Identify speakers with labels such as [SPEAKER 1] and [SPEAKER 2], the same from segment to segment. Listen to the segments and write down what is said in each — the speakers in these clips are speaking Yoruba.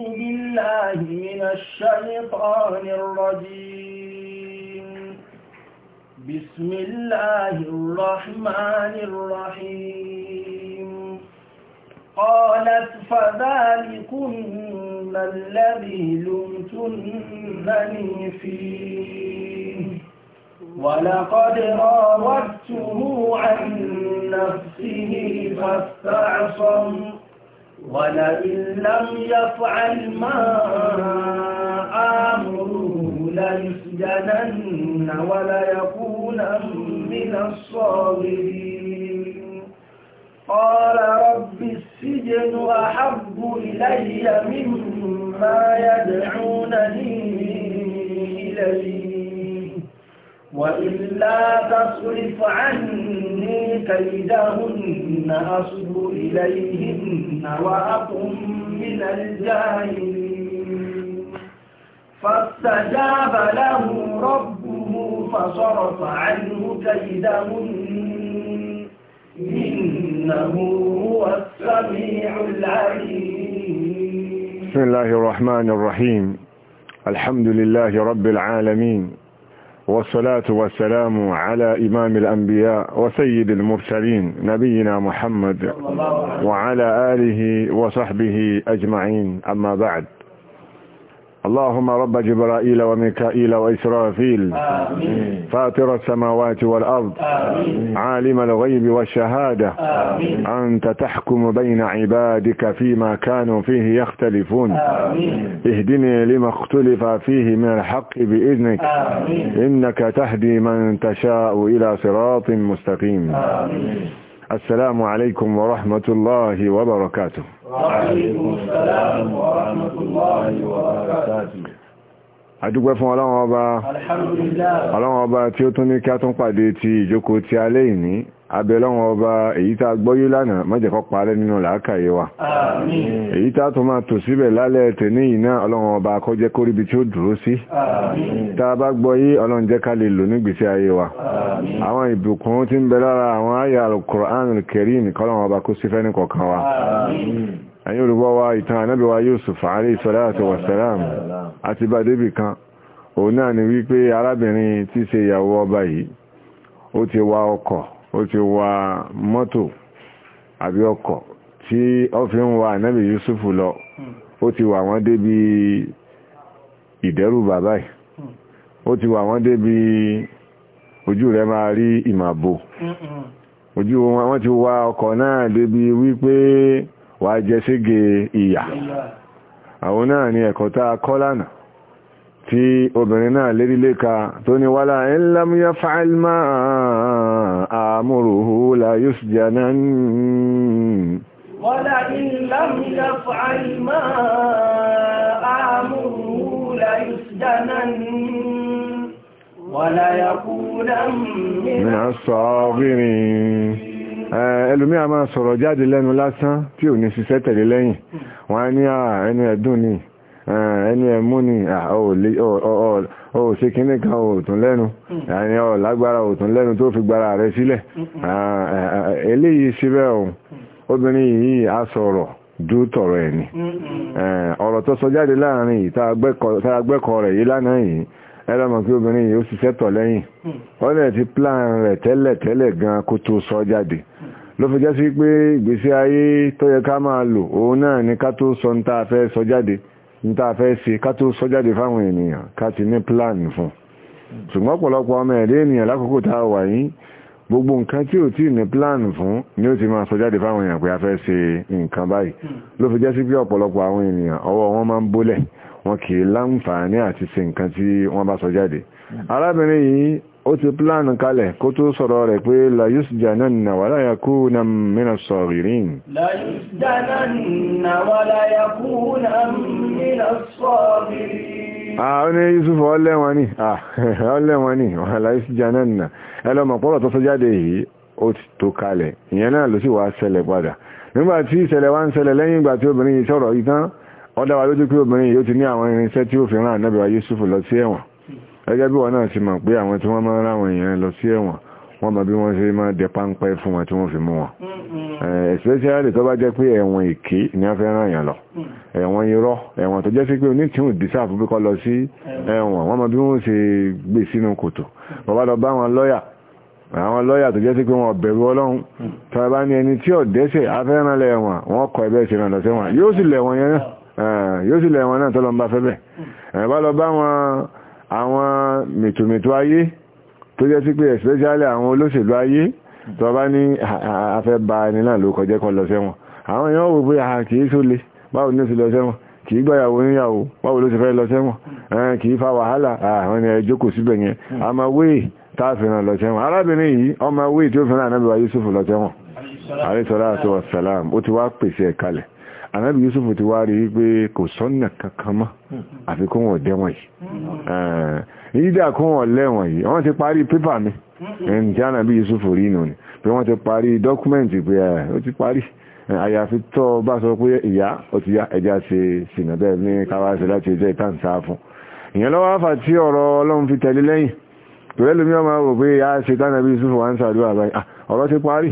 [SPEAKER 1] بالله من الشيطان الرجيم بسم الله الرحمن الرحيم قالت فذلكن الذي لمتنني فيه ولقد راودته عن نفسه فاستعصم ولئن لم يفعل ما آمره ليسجنن وليكونا من الصاغرين قال رب السجن أحب إلي مما يدعونني إليه وإلا تصرف عني كيدهن أصب إليهن وأقم من الجاهلين فاستجاب له ربه فصرف عنه كيده إنه هو السميع العليم بسم
[SPEAKER 2] الله الرحمن الرحيم الحمد لله رب العالمين والصلاة والسلام على إمام الأنبياء وسيد المرسلين نبينا محمد وعلى آله وصحبه أجمعين أما بعد اللهم رب جبرائيل وميكائيل وإسرافيل آمين. فاطر السماوات والأرض آمين. عالم الغيب والشهادة آمين. أنت تحكم بين عبادك فيما كانوا فيه يختلفون آمين. اهدني لما اختلف فيه من الحق بإذنك آمين. إنك تهدي من تشاء إلى صراط مستقيم آمين. السلام عليكم ورحمة الله وبركاته Adúgbẹ́ fún ọlọ́run ọba, ọlọ́run ọba tí ó tún ní kí a tún pàdé ti ìjókòó ti alẹ́ ìní abẹ́lọ́wọ́ ọba èyí tá gbọ́yé lánàá mọ́jẹ̀kọ́ parẹ́ nínú làákàyè wa èyí tá tó máa tò síbẹ̀ lálẹ́ tẹ̀ní iná ọlọ́wọ́ ọba kọjẹ́ kó ríbi tí ó dúró sí tá bá gbọ́yé ọlọ́njẹ́ ká lè lò ní gbèsè ayé wa àwọn ìbùkún tí ń bẹ lára àwọn àyà Al-Qur'an ní kọ̀ọ̀kan salatu wa salam àti bá débì ni wípé arábìnrin tí ṣe ìyàwó ọba yìí ó ti wa ọkọ̀ ó ti wa mọ́tò àbí ọkọ̀ tí ó fi ń wa ànábì Yusuf lọ ó ti wà wọ́n débi ìdẹ́rù bàbá ẹ̀ ó ti wà wọ́n débi ojú rẹ̀ máa rí ìmàbò ojú wọn ti wa ọkọ̀ náà débi wípé wà jẹ́ sége ìyà àwọn náà ni ẹ̀kọ́ tá a kọ́ lánàá tí obìnrin náà lérílé ka tó ní wálá ẹ̀ ń lámúyá fa'il máa آمره ليسجنن
[SPEAKER 1] ولئن لم يفعل ما آمره ليسجنن
[SPEAKER 3] وليكونا
[SPEAKER 1] من
[SPEAKER 2] الصاغرين ẹlòmí a máa sọ̀rọ̀ jáde lẹ́nu lásán tí ò ní ṣiṣẹ́ tẹ̀lé lẹ́yìn wọ́n á ní ẹnu ẹ̀dùn ni Eh, ẹni ẹ̀mú ni ọ̀ ṣe kíní kan òtún lẹ́nu ẹni ọ̀ lágbára òtún lẹ́nu tó fi gbára rẹ̀ sílẹ̀ eh, eh, eléyìí síbẹ̀ ohun obìnrin yìí a sọ̀rọ̀ dú tọ̀rọ̀ ẹni ọ̀rọ̀ tó sọ jáde láàrin yìí tá a gbẹ́kọ̀ọ́ rẹ̀ yìí lánàá yìí ẹlọ́mọ̀ kí obìnrin yìí ó lẹ́yìn mm. ti plan rẹ̀ tẹ́lẹ̀ tẹ́lẹ̀ gan kó tó sọ jáde mm. ló fi jẹ́ sí pé ìgbésí ayé tó yẹ ká máa lò òun náà ni ká tó sọ ń tá níta fẹ́ ṣe ká tó sọ jáde fáwọn ènìyàn ká ti ní pláàni fún ṣùgbọ́n ọ̀pọ̀lọpọ̀ ọmọ ẹ̀dẹ́ ènìyàn lákòókò tá a wà yìí gbogbo nǹkan tí ò tí ní pláàni fún ni ó ti máa sọ jáde fáwọn èèyàn pé a fẹ́ ṣe nǹkan báyìí ló fi jẹ́ sí pé ọ̀pọ̀lọpọ̀ àwọn ènìyàn ọwọ́ wọn máa ń bólẹ̀ wọn kì í láǹfààní àti ṣe nǹkan tí wọ́n bá sọ jáde arábìnrin yìí ó ti pláàni kalẹ̀ kó tó sọ̀rọ̀ rẹ̀ pé layus jananna wà láyà kú na mìnà sọ̀rìrìn
[SPEAKER 3] layus jananna
[SPEAKER 2] ah ó ní Yusuf ọlẹ́wọ̀n ni ah ọlẹ́wọ̀n ni wà layus jananna ẹlọ́mọ̀ pọ́rọ̀ tó sọ jáde yìí ó ti tó kalẹ̀ ìyẹn náà ló sì wá ṣẹlẹ̀ padà nígbà tí ìṣẹ̀lẹ̀ wá ń ṣẹlẹ̀ lẹ́yìn ìgbà tí obìnrin yìí sọ̀rọ̀ yìí tán wa lójú pé obìnrin yìí ó ti ní àwọn irinṣẹ́ tí ó fi rán ànábẹ̀wá Yusuf lọ sí ẹ̀wọ̀n gẹ́gẹ́ bí wọn náà ti mọ̀ pé àwọn tí wọ́n máa ráwọn èèyàn lọ sí ẹ̀wọ̀n wọ́n mọ̀ bí wọ́n ṣe máa dẹ páńpẹ́ fún wọn tí wọ́n fi mú wọn mm-hmm. eh, especially tó bá jẹ́ pé ẹ̀wọ̀n èké ni a fẹ́ ràn yàn lọ mm-hmm. ẹ̀wọ̀n irọ́ ẹ̀wọ̀n tó jẹ́ sí pé onítìhùn dísà fún bí kọ́ lọ sí mm-hmm. ẹ̀wọ̀n wọ́n mọ̀ bí wọ́n ṣe gbé sínú kòtò bàbá lọ bá wọn lọ́yà àwọn lọ́yà tó jẹ́ sí pé wọn bẹ̀rù ọlọ́run tọ́ẹ̀bá ní ẹni tí ọ̀dẹ́sẹ̀ afẹ́ràn lẹ́wọ̀n wọ́n kọ ẹgbẹ́ ìṣẹ́ lọ́sẹ̀wọ̀n yóò sì lẹ̀wọ̀n náà tọ́lọ́mbà fẹ́bẹ̀ ẹ̀bá lọ bá wọn àwọn mìtòmìtò ayé tó jẹ́ sí pé especially àwọn olóṣèlú ayé tó bá ní afẹ́ ba ẹni náà ló kọjẹ́ kan lọ sẹ́wọ̀n àwọn èèyàn wò pé àà kìí sólè báwo ní ó sì lọ sẹ́wọ̀n kìí gbáyàwó níyàwó báwo ló ti fẹ́ lọ sẹ́wọ̀n kìí fa wàhálà àwọn ènìyàn jókòó síbẹ̀ yẹn àmà wéè táàfihàn lọ sẹ́wọ̀n arábìnrin yìí ọmọ wéè tí ó fẹ́ràn anábìwá Yusuf lọ sẹ́wọ̀n àrísọ́lá àti wàsálàm ó ti wá pèsè ẹ̀kalẹ̀ anábi yusuf ti wá rí wípé kò sọ́nà kankan mọ́ àfi kó wọ́n dẹ́wọ̀n yìí ìdá kó wọ́n lẹ́wọ̀n yìí wọ́n ti parí pépà mi ẹni tí anábi rí nù ni pé wọ́n ti parí dọ́kúmẹ́ǹtì pé ó ti parí àyàfi tọ́ bá sọ pé ìyá ó ti yá ẹja ṣe sìnà bẹ́ẹ̀ ní káwáṣe láti ẹjẹ́ ìtàǹsá fún ìyẹn lọ́wọ́ àfà tí ọ̀rọ̀ ọlọ́run fi tẹ̀lé lẹ́yìn pẹ̀lú mi ọmọ wò pé a ṣe tánàbí yusuf wà ń sàdúrà báyìí ah, ọ̀rọ̀ ti parí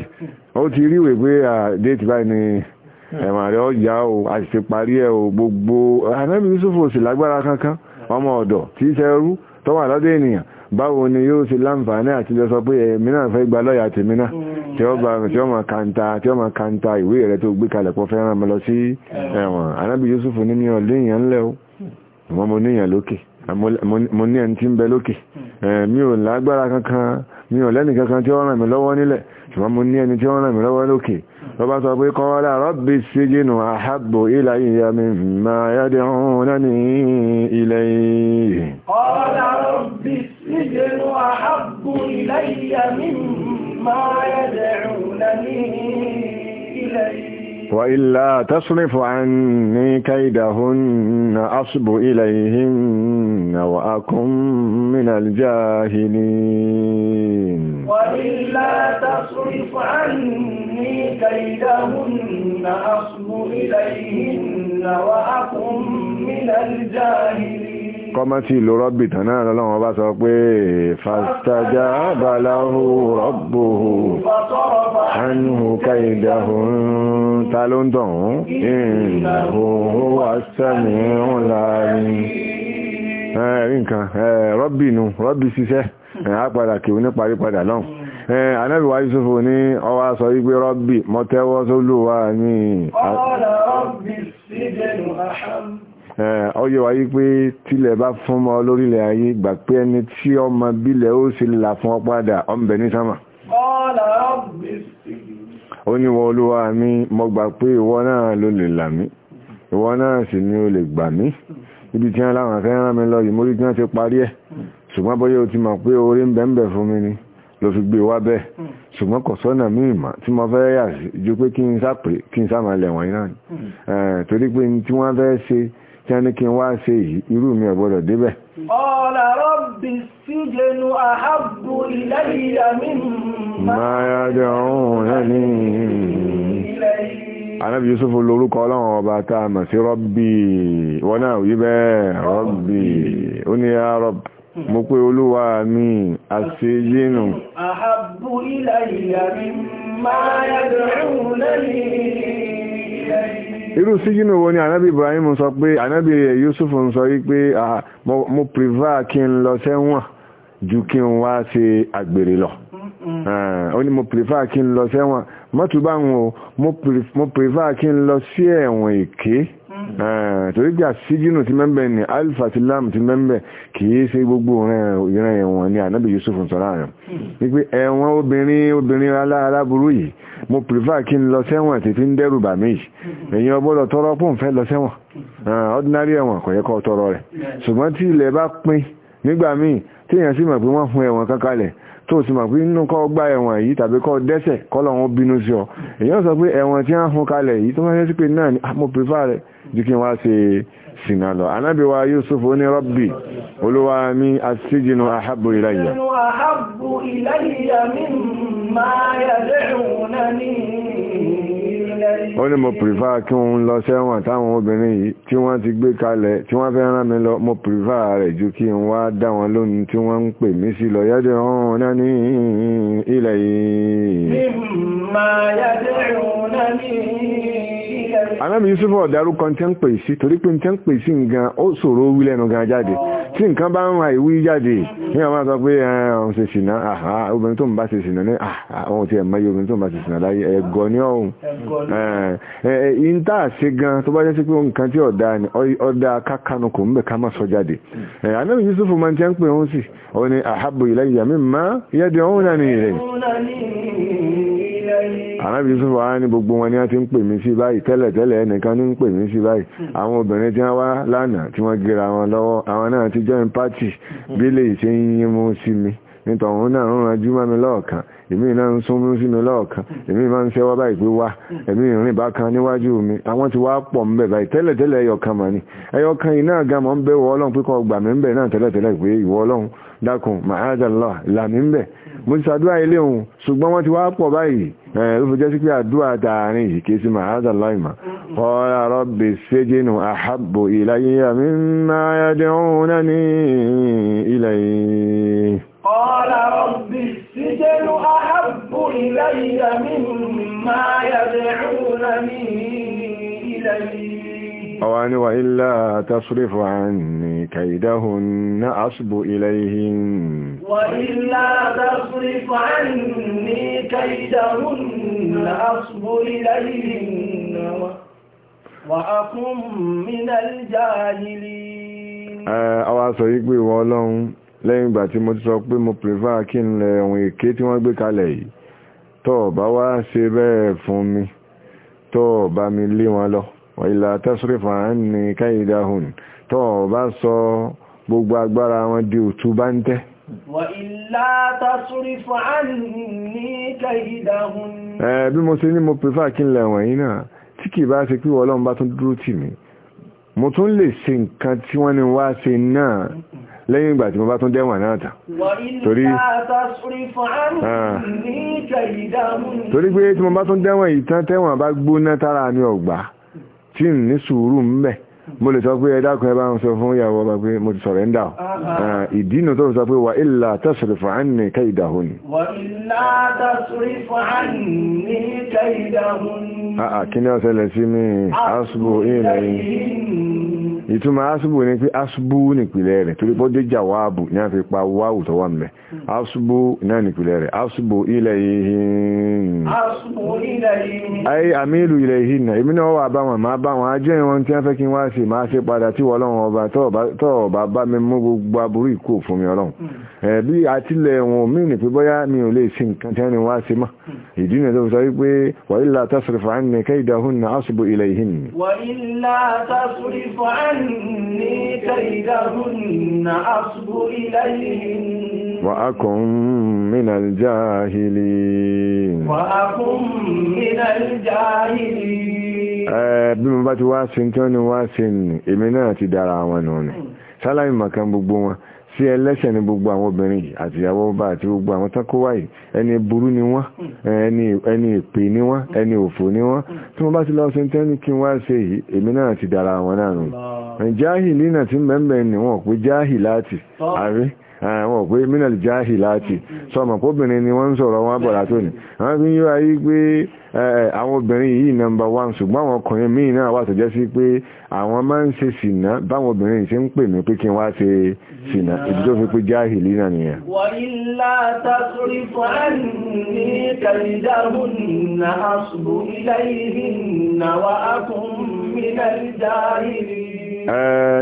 [SPEAKER 2] ó ti ríwèé pé ah, déètì báyìí ni ẹ̀wọ̀n rẹ̀ ọ̀yá o àṣìṣe parí ẹ̀ o gbogbo anábì Yusuf ò sì lágbára kankan ọmọ ọ̀dọ̀ tí í ṣe ẹrú tó wà lọ́dọ̀ ènìyàn báwo ni yóò ṣe láǹfààní àti lọ sọ pé èmi náà fẹ́ gba lọ́yà tèmi náà tí ó bá tí ó máa kanta tí ó máa kanta ìwé rẹ̀ tó gbé kalẹ̀ pọ̀ fẹ́ràn mi lọ sí ẹ̀wọ̀n anábì Yusuf ní mi ò léèyàn ńlẹ̀ o mo mo níyàn lókè mo ní ẹni tí ń bẹ lókè mi ò lágbára kankan mi ò lẹ́nì kankan tí ó ràn mí lọ́wọ́ nílẹ̀ ṣùgbọ́n mo ní ẹni tí ó ràn mí lọ́wọ́ lókè lọ́bá sọ pé qala rabbi sijinu ahabbu ilayya mimma yad'unani ilayhi
[SPEAKER 1] qala rabbi sijinu
[SPEAKER 3] ahabbu ilayya mimma yad'unani
[SPEAKER 2] وإلا تصرف عني كيدهن أصب إليهن وأكم من الجاهلين
[SPEAKER 1] وإلا تصرف عني كيدهن أصب إليهن وأكم من الجاهلين
[SPEAKER 2] kọ́mọ́tì ìlú rọ́bì tán náà lọ́wọ́ bá sọ pé fàstájá balahu rabbuhu anhu kaidahun ta ló ń dọ̀hún innahu huwa as-sami'ul alim ẹ̀rí nǹkan rọ́bì nu rọ́bì ṣiṣẹ́ àpàdà kìí ní parípadà lọ́hùn ànábì wa Yusuf ní ọwá sọ wípé rọ́bì mọ́tẹ́wọ́ sólùwà ní ọ̀rọ̀
[SPEAKER 3] rọ́bì síjẹ̀
[SPEAKER 2] ọyẹ wa yí pé tilẹ̀ bá fún ọmọ lórílẹ̀ ayé gbà pé ẹni tí ọmọ bílẹ̀ ó sì là fún ọ padà ọmọbẹ̀ ní sánmà ó ní wọ́n olúwa mi mo gbà pé ìwọ náà ló lè là mí ìwọ náà sì ni ó lè gbà mí ibi tí wọ́n láwọn fẹ́ rán mi lọ yìí mórí ṣùgbọ́n bóyá o ti mọ̀ pé orí ń bẹ̀m̀bẹ̀ fún mi ni ló fi gbé wá bẹ́ẹ̀ ṣùgbọ́n kò sọ́nà mí ìmọ̀ tí mo fẹ́ yà sí ju pé kí n sá pé kí n sá lẹ̀wọ̀n iná ni hmm. torí pé tí wọ́n fẹ́ ṣe tí a ní kí n wá ṣe yìí irú mi ò gbọ́dọ̀ débẹ̀.
[SPEAKER 1] ọ̀là rọ́bì síjẹnu àhábù ilẹ̀ ìyàmí
[SPEAKER 2] máa yájọ òun náà ní anábi yusuf lórúkọ ọlọ́run a mọ̀ sí rọ́bì
[SPEAKER 1] àhábù ilẹ̀ ìyàmí máa yájọ òun náà ilẹ̀ ìyàmí
[SPEAKER 2] irú síjínú wo ni ànábì Ibrahim sọ pé ànábì Yusuf ń sọ wípé ah, mo prefer kí n lọ sẹ́wọ̀n ju kí n wá ṣe àgbèrè lọ ah, ó ní mo prefer kí n lọ sẹ́wọ̀n mọ́tò o mo prefer kí n lọ sí ẹ̀wọ̀n èké Eh, torí bí àṣíjínú ti mẹ́mbẹ̀ ni alfa ti lam ti mẹ́mbẹ̀ kìí ṣe gbogbo ìran ẹ̀wọ̀n ni ànábì Yusuf ń sọ́rọ̀ àrùn wípé ẹ̀wọ̀n obìnrin obìnrin aláburú yìí mo prefer kí n lọ sẹ́wọ̀n ti fi ń dẹ́rù bà mí èyàn ọgbọ́dọ̀ tọrọ pùn fẹ́ lọ sẹ́wọ̀n eh, ordinary ẹ̀wọ̀n kò yẹ kó tọrọ rẹ̀ ṣùgbọ́n tí ilẹ̀ bá pín nígbà míì tí èèyàn sì mọ̀ pé wọ́n fún ẹ̀wọ̀n kankalẹ̀ tó sì mọ̀ pé inú kọ́ gba ẹ̀wọ̀n yìí tàbí kọ́ dẹ́sẹ̀ kọ́ lọ́wọ́n bínú sí ọ èèyàn sọ pé ẹ̀wọ̀n tí wọ́n fún kalẹ̀ yìí tó máa ń pé náà ni ah, mo prefer rẹ̀ jù kí wọ́n ṣe sínà lọ anábì wa Yusuf ní rọ́bì olúwa mi àṣíjìnà àhábò iláyà ó ní mo pìrìfà kí wọ́n lọ sẹ́wọ̀n táwọn obìnrin yìí tí wọ́n ti gbé kalẹ̀ tí wọ́n fẹ́ rán mi lọ mo pìrìfà rẹ̀ jù kí n wá dá wọn lónìí tí wọ́n ń pè mí sí lọ yẹ́dẹ̀ ọ̀hún náà ní ilẹ̀ yìí anábì yusufu ọ̀dárúkọ tí ń pè sí torí pé tí ń pè sí nǹkan ó ṣòro wí lẹ́nu gan jáde tí nǹkan bá ń ra ìwí jáde ní àwọn máa sọ pé ọ̀hún ṣe ṣìnà obìnrin tó ń bá ṣe ṣìnà ní àwọn tí ẹ̀ mọ́ obìnrin tó ń bá ṣe ṣìnà láyé ẹ̀gọ́ ní ọ̀hún ìntà ṣe gan tó bá jẹ́ sí pé nǹkan tí ọ̀dà ni ọ̀dà kákanu kò ń bẹ̀ ká má sọ jáde anábì yusufu máa ń tẹ́ ń pè òun sì ó ní àhábò ìlẹ́yìn àmì má yẹ́dì òun náà ní ilẹ̀ anábì yusufu wa ní gbogbo wọn ni wọ́n ti ń pè mí sí tẹ́lẹ̀ ẹnìkan ní ń pè mí sí báyìí hmm. àwọn obìnrin tí wọ́n wá lánàá tí wọ́n gíra wọn lọ́wọ́ àwọn náà ti join party hmm. bí lè ṣe ń yín mú sí mi nítorí òun náà ń ranjú mọ́ mi lọ́ọ̀kan èmi náà ń sún mú sí mi lọ́ọ̀kan hmm. èmi máa ń ṣẹ́wọ́ báyìí pé wá èmi ìrìn bá kan níwájú mi àwọn ti wá pọ̀ ń bẹ̀ báyìí tẹ́lẹ̀tẹ́lẹ̀ ẹyọkan mà ní ẹyọkan yìí náà gan mọ́ ń bẹ̀ wọ́ ọlọ́run pé kọ́ gbà mí ń bẹ̀ náà tẹ́lẹ̀tẹ́lẹ̀ pé ìwọ ọlọ́run dákun màájà lọ là mí ń bẹ̀ mo ti sàdúrà ilé òun ṣùgbọ́n wọ́n ti wá pọ̀ báyìí ló fi jẹ́ sí pé àdúrà tààrin yìí kí sí máa àdàláìmà ọ̀rọ̀ rabbi sijnu ahabbu ilayya mimma yad'unani ilayhi ọ̀rọ̀ ọwani wa illa tasrifu anni kaidahunna asbu ilayhin wa illa tasrifu anni kaidahunna asbu
[SPEAKER 1] ilayhin wa akun min aljahilin
[SPEAKER 2] àwa sọ yìí pé ìwọ Ọlọ́run lẹ́yìn ìgbà tí mo ti sọ pé mo prefer kí n lẹ ohun èké tí wọ́n gbé kalẹ̀ yìí tó bá wá ṣe bẹ́ẹ̀ fún mi tó bá mi lé wọn lọ wàílà tẹ́sùrífà ní káyìdáhùn tó bá sọ gbogbo agbára wọn di òtú bá ń tẹ́ bí mo ṣe ní mo prefer kí n lẹ̀wọ̀n yìí náà tí kì bá ṣe pé Ọlọ́run bá tún dúró tì mí mo tún lè ṣe nǹkan tí wọ́n ní wá ṣe náà lẹ́yìn ìgbà tí mo bá tún dẹ́wọ̀n náà tà torí
[SPEAKER 1] ah. torí
[SPEAKER 2] pé tí mo bá tún dẹ́wọ̀n ìtàn tẹ́wọ̀n bá gbóná tára mi ọ̀gbà tí ń ní sùúrù ń bẹ mo le sọ pé ẹ dákun ẹ bá ń sọ fún ìyàwó ọba pé mo ti ọ ah, ìdí inú tó sọ pé wà ilà wà ilà ìtumọ̀ ni pé nìpìlẹ̀ rẹ̀ torí bọ́dé ní a fi pa wáwù tó wà mẹ́ náà nìpìlẹ̀ rẹ̀ ilẹ̀ yìí.
[SPEAKER 1] ilẹ̀ yìí.
[SPEAKER 2] ayé àmì ìlú ilẹ̀ yìí náà èmi náà wà bá wọn máa bá wọn ajẹ́ tí wọ́n fẹ́ kí wọ́n sì máa ṣe padà tí wọ́n ọlọ́run ọba tọ́ọ̀bá bá mi mú gbogbo aburú ìkó fún mi ọlọ́run hmm. Eh, bí àtìlẹ̀ wọn mí ní pé bóyá mi ò lè ṣe nǹkan tí wọ́n wá sí mọ́ ìdí náà tó sọ wípé wà ilá tasrif anni kaydahunna asbu ilayhinni
[SPEAKER 1] wà ilá tasrif anni kaydahunna asbu ilayhinni
[SPEAKER 2] wa akun minal jahilin wa
[SPEAKER 1] akun minal jahilin
[SPEAKER 2] eh, bí bá ti wá sí tí wọ́n wá sí èmi náà ti dára wọn nù ní hmm. sáláì gbogbo wọn sí ẹlẹ́ṣẹ̀ ní gbogbo àwọn obìnrin yìí àti àti gbogbo àwọn tákówá yìí ẹni burú ni wọ́n ẹni èpè ni wọ́n ẹni òfò ni wọ́n tí wọ́n bá ti lọ́ọ́ sẹ́ńtẹ́ ní kí wá ṣe yìí èmi náà ti dára àwọn náà nù jáhìlì náà ti mẹ́mẹ́ ni wọ́n pé jáhì láti oh. àrí àwọn òpé mínàlì jáhì láti mm-hmm. sọmọ̀ kóbìnrin ni wọ́n ń sọ̀rọ̀ wọn bọ̀rà tó àwọn fi ń yọ ayé pé àwọn obìnrin yìí nọmba wán ṣùgbọ́n àwọn ọkùnrin míì náà wà tó jẹ́ sí pé àwọn máa ń ṣe sìnà báwọn obìnrin ṣe ń pè mí pé kí wá ṣe sìnà ibi tó fi pé jáhìlì náà nìyẹn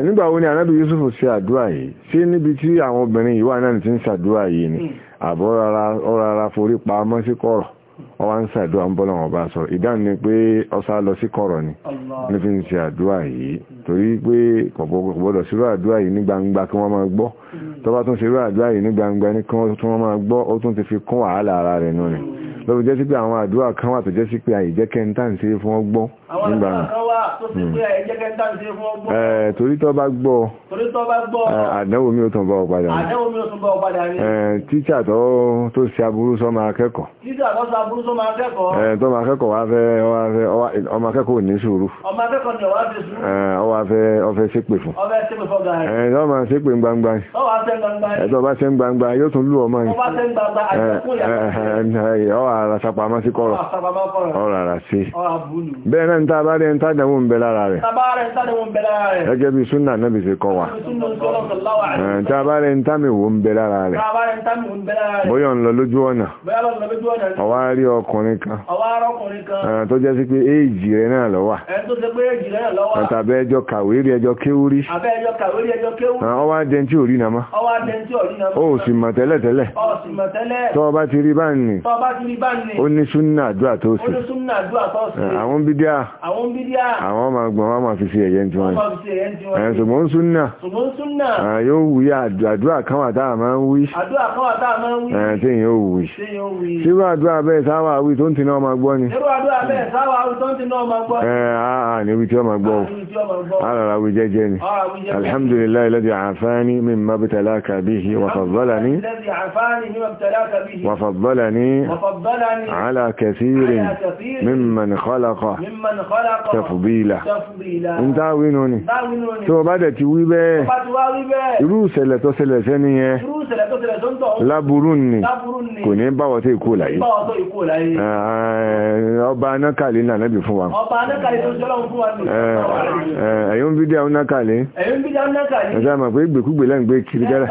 [SPEAKER 2] nígbà wo ni anábì Yusuf ṣe àdúrà yìí ṣé níbi tí àwọn obìnrin yìí wà náà ti ń ṣàdúrà yìí ni hmm. àbọ̀ ọ̀rara forí pa mọ́ sí kọ̀rọ̀ ọwá ń sàdúwà ń bọ́lọ̀ ọba sọ ìdáhùn ni pé ọsá lọ sí kọ̀rọ̀ ni ní fi ń ṣe àdúwà yìí torí pé kọ̀bọ̀dọ̀ sírò àdúwà yìí ní gbangba kí wọ́n máa gbọ́ hmm. tó bá tún sírò àdúwà yìí ní gbangba ní kí wọ́n máa gbọ́ ó tún ti fi kún wàhálà ara rẹ̀ nù ni hmm. lọ́bi jẹ́ sí pé àwọn àdúwà kan wà tó jẹ́ sí pé àyè jẹ́ kẹ́ńtà ń ṣe fún ọgbọ́n nígbà náà hmm. eh, torí tó bá gbọ́ eh, àdánwò mi ò tún bá ọ padà eh, rí tíṣà tó ṣe aburú sọ máa
[SPEAKER 1] kẹ́kọ̀ọ́
[SPEAKER 2] tó máa kẹ́kọ̀ọ́ wá fẹ́ ọmọ akẹ́kọ̀ọ́ ní sùúrù ọwọ́ afẹ́ ọfẹ́ ṣépè fún ẹ̀ẹ́dọ́ máa ṣépè gbangba
[SPEAKER 1] ẹ̀ẹ́dọ́
[SPEAKER 2] bá ṣe ń gbangba yóò tún lù ọmọ yìí ọwọ́ àràsàpamọ́ sí kọ́rọ̀ ọ̀rọ̀ àràsí bẹ́ẹ̀ náà ń tá bá rẹ̀ ń tádẹ̀wò ń bẹ lára rẹ̀ gẹ́gẹ́ bí súnà náà bí ṣe kọ wa tá bá rẹ̀ ń támìwò ń bẹ lára rẹ̀ bóyọ̀ ń lọ lójú ọ̀nà ọwá rí ọkùnrin kan tó jẹ́ sí pé éèjì rẹ̀ náà lọ wà tàbí ẹjọ́ kàwé rí ẹjọ́ kéwúrí ọwá dẹn tí ò rí nàmá
[SPEAKER 1] ó sì mọ̀ tẹ́lẹ̀ tẹ́lẹ̀ tọ́ bá ti rí bá ní ó ní súnà àdúrà tó sì àwọn
[SPEAKER 2] bídíà àwọn bídíà àwọn ọmọ agbọ̀n wọn máa fi sí ẹ̀yẹ́ tí wọ́n ẹ̀ ṣùgbọ́n súnà yóò wí àdúrà kan wà táà máa ń wí
[SPEAKER 1] tí èyàn ò wí sírú àdúrà bẹ́ẹ̀
[SPEAKER 2] sáwà wí tó ń tiná ọmọ agbọ́ ni àà ní wí tí ọmọ agbọ́ àràrà wí jẹ́jẹ́ ni alhamdulillah alladhi àfáàní mimma btalaka bihi wa faddalani
[SPEAKER 1] wa faddalani ala kathirin mimman khalaqa tẹ̀fùbíìlà ń táwí nù ni tó bá dẹ̀ ti wí bẹ́ẹ̀ irú
[SPEAKER 2] ìṣẹ̀lẹ̀ tó ṣẹlẹ̀ sẹ́ni yẹn
[SPEAKER 1] láburú ni kò ní báwọ̀ tó ikú láyé
[SPEAKER 2] ọba anákàlì náà nẹ́bì fún wa ẹ̀yùn bídí àwọn anákàlì
[SPEAKER 1] ẹ̀sẹ̀
[SPEAKER 2] àmà pé gbèkúgbè lẹ́gbẹ́ kiri gẹ́rẹ́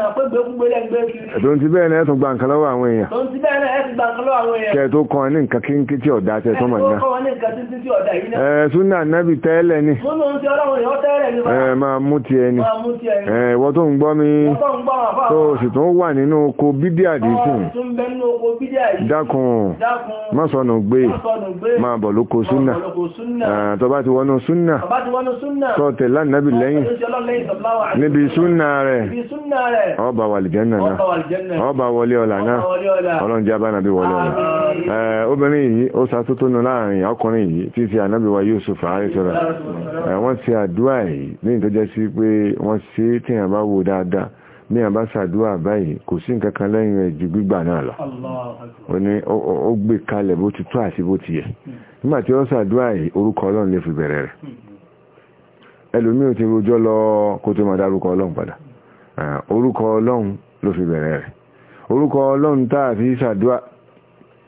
[SPEAKER 2] tó ń ti bẹ́ẹ̀ náà ẹ̀tùn gba nǹkan lọ́wọ́ àwọn
[SPEAKER 1] èèyàn kẹ́ẹ̀
[SPEAKER 2] tó kọ́ ní nǹkan kí ọ̀dá ẹ̀ súnà nábì tẹ́lẹ̀ ni
[SPEAKER 1] ẹ̀ máa mú ti ẹni ẹ̀ ìwọ tó ń gbọ́ mi tó sì
[SPEAKER 2] oko bídíà dìísùn
[SPEAKER 1] dákun má sọnù gbé máa bọ̀ lóko súnà tó bá ti wọnú súnà tó tẹ̀lá nábì lẹ́yìn níbi súnà rẹ̀
[SPEAKER 2] ọba wàlìjẹ́ náà ọba wọlé ọ̀là náà wọlé ọ̀là obìnrin yìí ó sàtótónú láàrin ọkùnrin yìí ànábì wa Yusuf àrísọ́ra wọ́n ṣe àdúrà yìí ní ìtọ́jẹ́ sí pé wọ́n ṣe tí àbá wo dáadáa ní àbá ṣàdúrà báyìí kò sí nǹkan kan lẹ́yìn rẹ̀ ju gbígbà náà lọ o ní ó gbé kalẹ̀ bó ti tó àti bó ti yẹ nígbà tí ó ṣàdúrà yìí orúkọ ọlọ́run lè fi bẹ̀rẹ̀ rẹ̀ ẹlòmí ò ti rojọ́ lọ kó tó máa dárúkọ ọlọ́run padà orúkọ ọlọ́run ló fi bẹ̀rẹ̀ rẹ̀ orúkọ ọlọ́run táà fi ṣàdúrà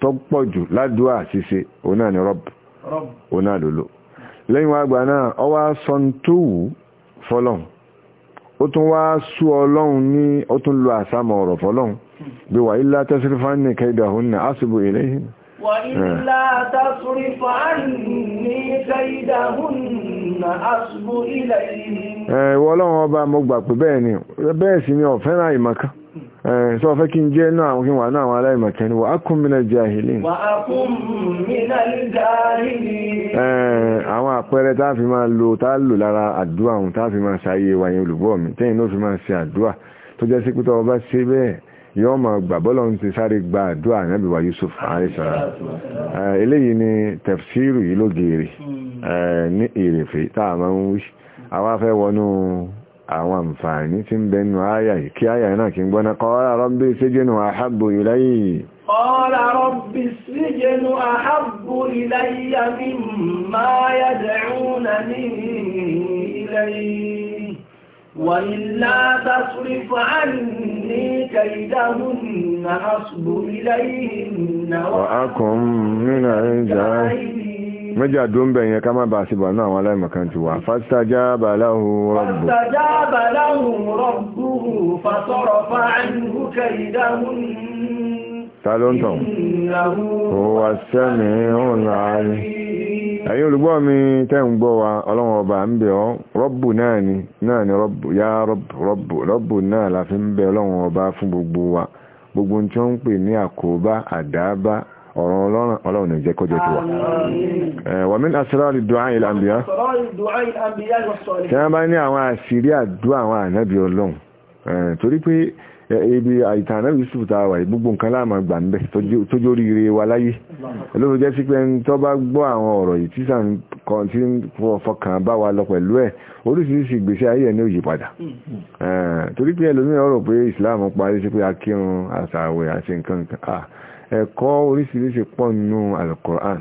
[SPEAKER 2] tọ́pọ̀ jù ládùúà ṣíṣe òun náà ni rọ́bù Ona náà lẹ́yìn wá gbà náà ọ wá sọ tó ó tún wá sú ọlọ́run ní ó tún lo àsámọ̀ ọ̀rọ̀ fọlọ́n bí wà ilá tẹ́sírífà ní òun náà àṣìbò ìlẹ́yìn وإلا
[SPEAKER 1] تصرف عني كيدهن أصب إليهن.
[SPEAKER 2] Ẹ wọ́n ọba ni bẹ́ẹ̀ Eh, sọ fẹ́ kí n jẹ́ náà àwọn kíwà náà àwọn aláìmọ̀kẹ́ ni wà á kún mínà jahilin eh, àwọn àpẹẹrẹ tá fi máa lo tá lò lára àdúwà ohun tá fi máa sáyé wáyé olùgbọ́ mi tẹ́yìn ló fi máa ṣe àdúwà tó jẹ́ sí pítọ̀ ọba ṣe bẹ́ẹ̀ yọ́ ma gbà bọ́lọ̀ ń ti sáré gba àdúwà nábì Yusuf àrísàrá eh, eléyìí ni tafsiru yìí ló gèrè hmm. ní èrèfé tá máa ń wí àwa fẹ́ wọnú àwọn àǹfààní tí ń bẹnu ayà yìí kí ayà náà kí ń gbọ́ná qala rabbi sijnu ahabbu ilayya
[SPEAKER 1] qala rabbi sijnu ahabbu ilayya mimma yad'unani ilayhi wa
[SPEAKER 2] méjì àdúró ń bẹ̀ yẹn ká má bàa sí bàánú àwọn aláìmọ̀kan ti wà fastajaba lahu rabbuhu fastajaba
[SPEAKER 1] lahu rabbuhu fasarafa anhu kaydahun
[SPEAKER 2] ta ló ń tàn huwa as-sami'ul 'alim ẹ̀yin olùgbọ́ mi tẹ́ ń gbọ́ wa ọlọ́run ọba ń bẹ̀ ọ́ rọ́bù náà ni náà ni rọ́bù yá rọ́bù rọ́bù náà la ń bẹ ọlọ́run ọba fún gbogbo wa gbogbo tí wọ́n ń pè ní àkóbá àdábá ọ̀rọ̀ ọlọ́run ọlọ́run ní jẹ́ kó jẹ́ tiwa eh, wà mí asrari du'a il anbiya tí wọ́n bá ní àwọn àṣírí àdúrà àwọn ànábì ọlọ́run eh, torí pé eh, ibi àìtàn náà yusuf ta wà gbogbo nǹkan láàmà gbà ń bẹ̀ tó jó ríire wa láyé olóòrùn jẹ́ sí pé ń tọ́ bá gbọ́ àwọn ọ̀rọ̀ yìí tíṣà kan tí ń fọkàn bá wa lọ pẹ̀lú ẹ̀ oríṣiríṣi ìgbésí ayé ẹ̀ òyì padà torí pé ẹlòmíràn rò pé islam parí sí pé akírun àṣàwẹ̀ àti nǹkan kan ẹ̀kọ́ oríṣiríṣi pọ̀ nínú alukur'an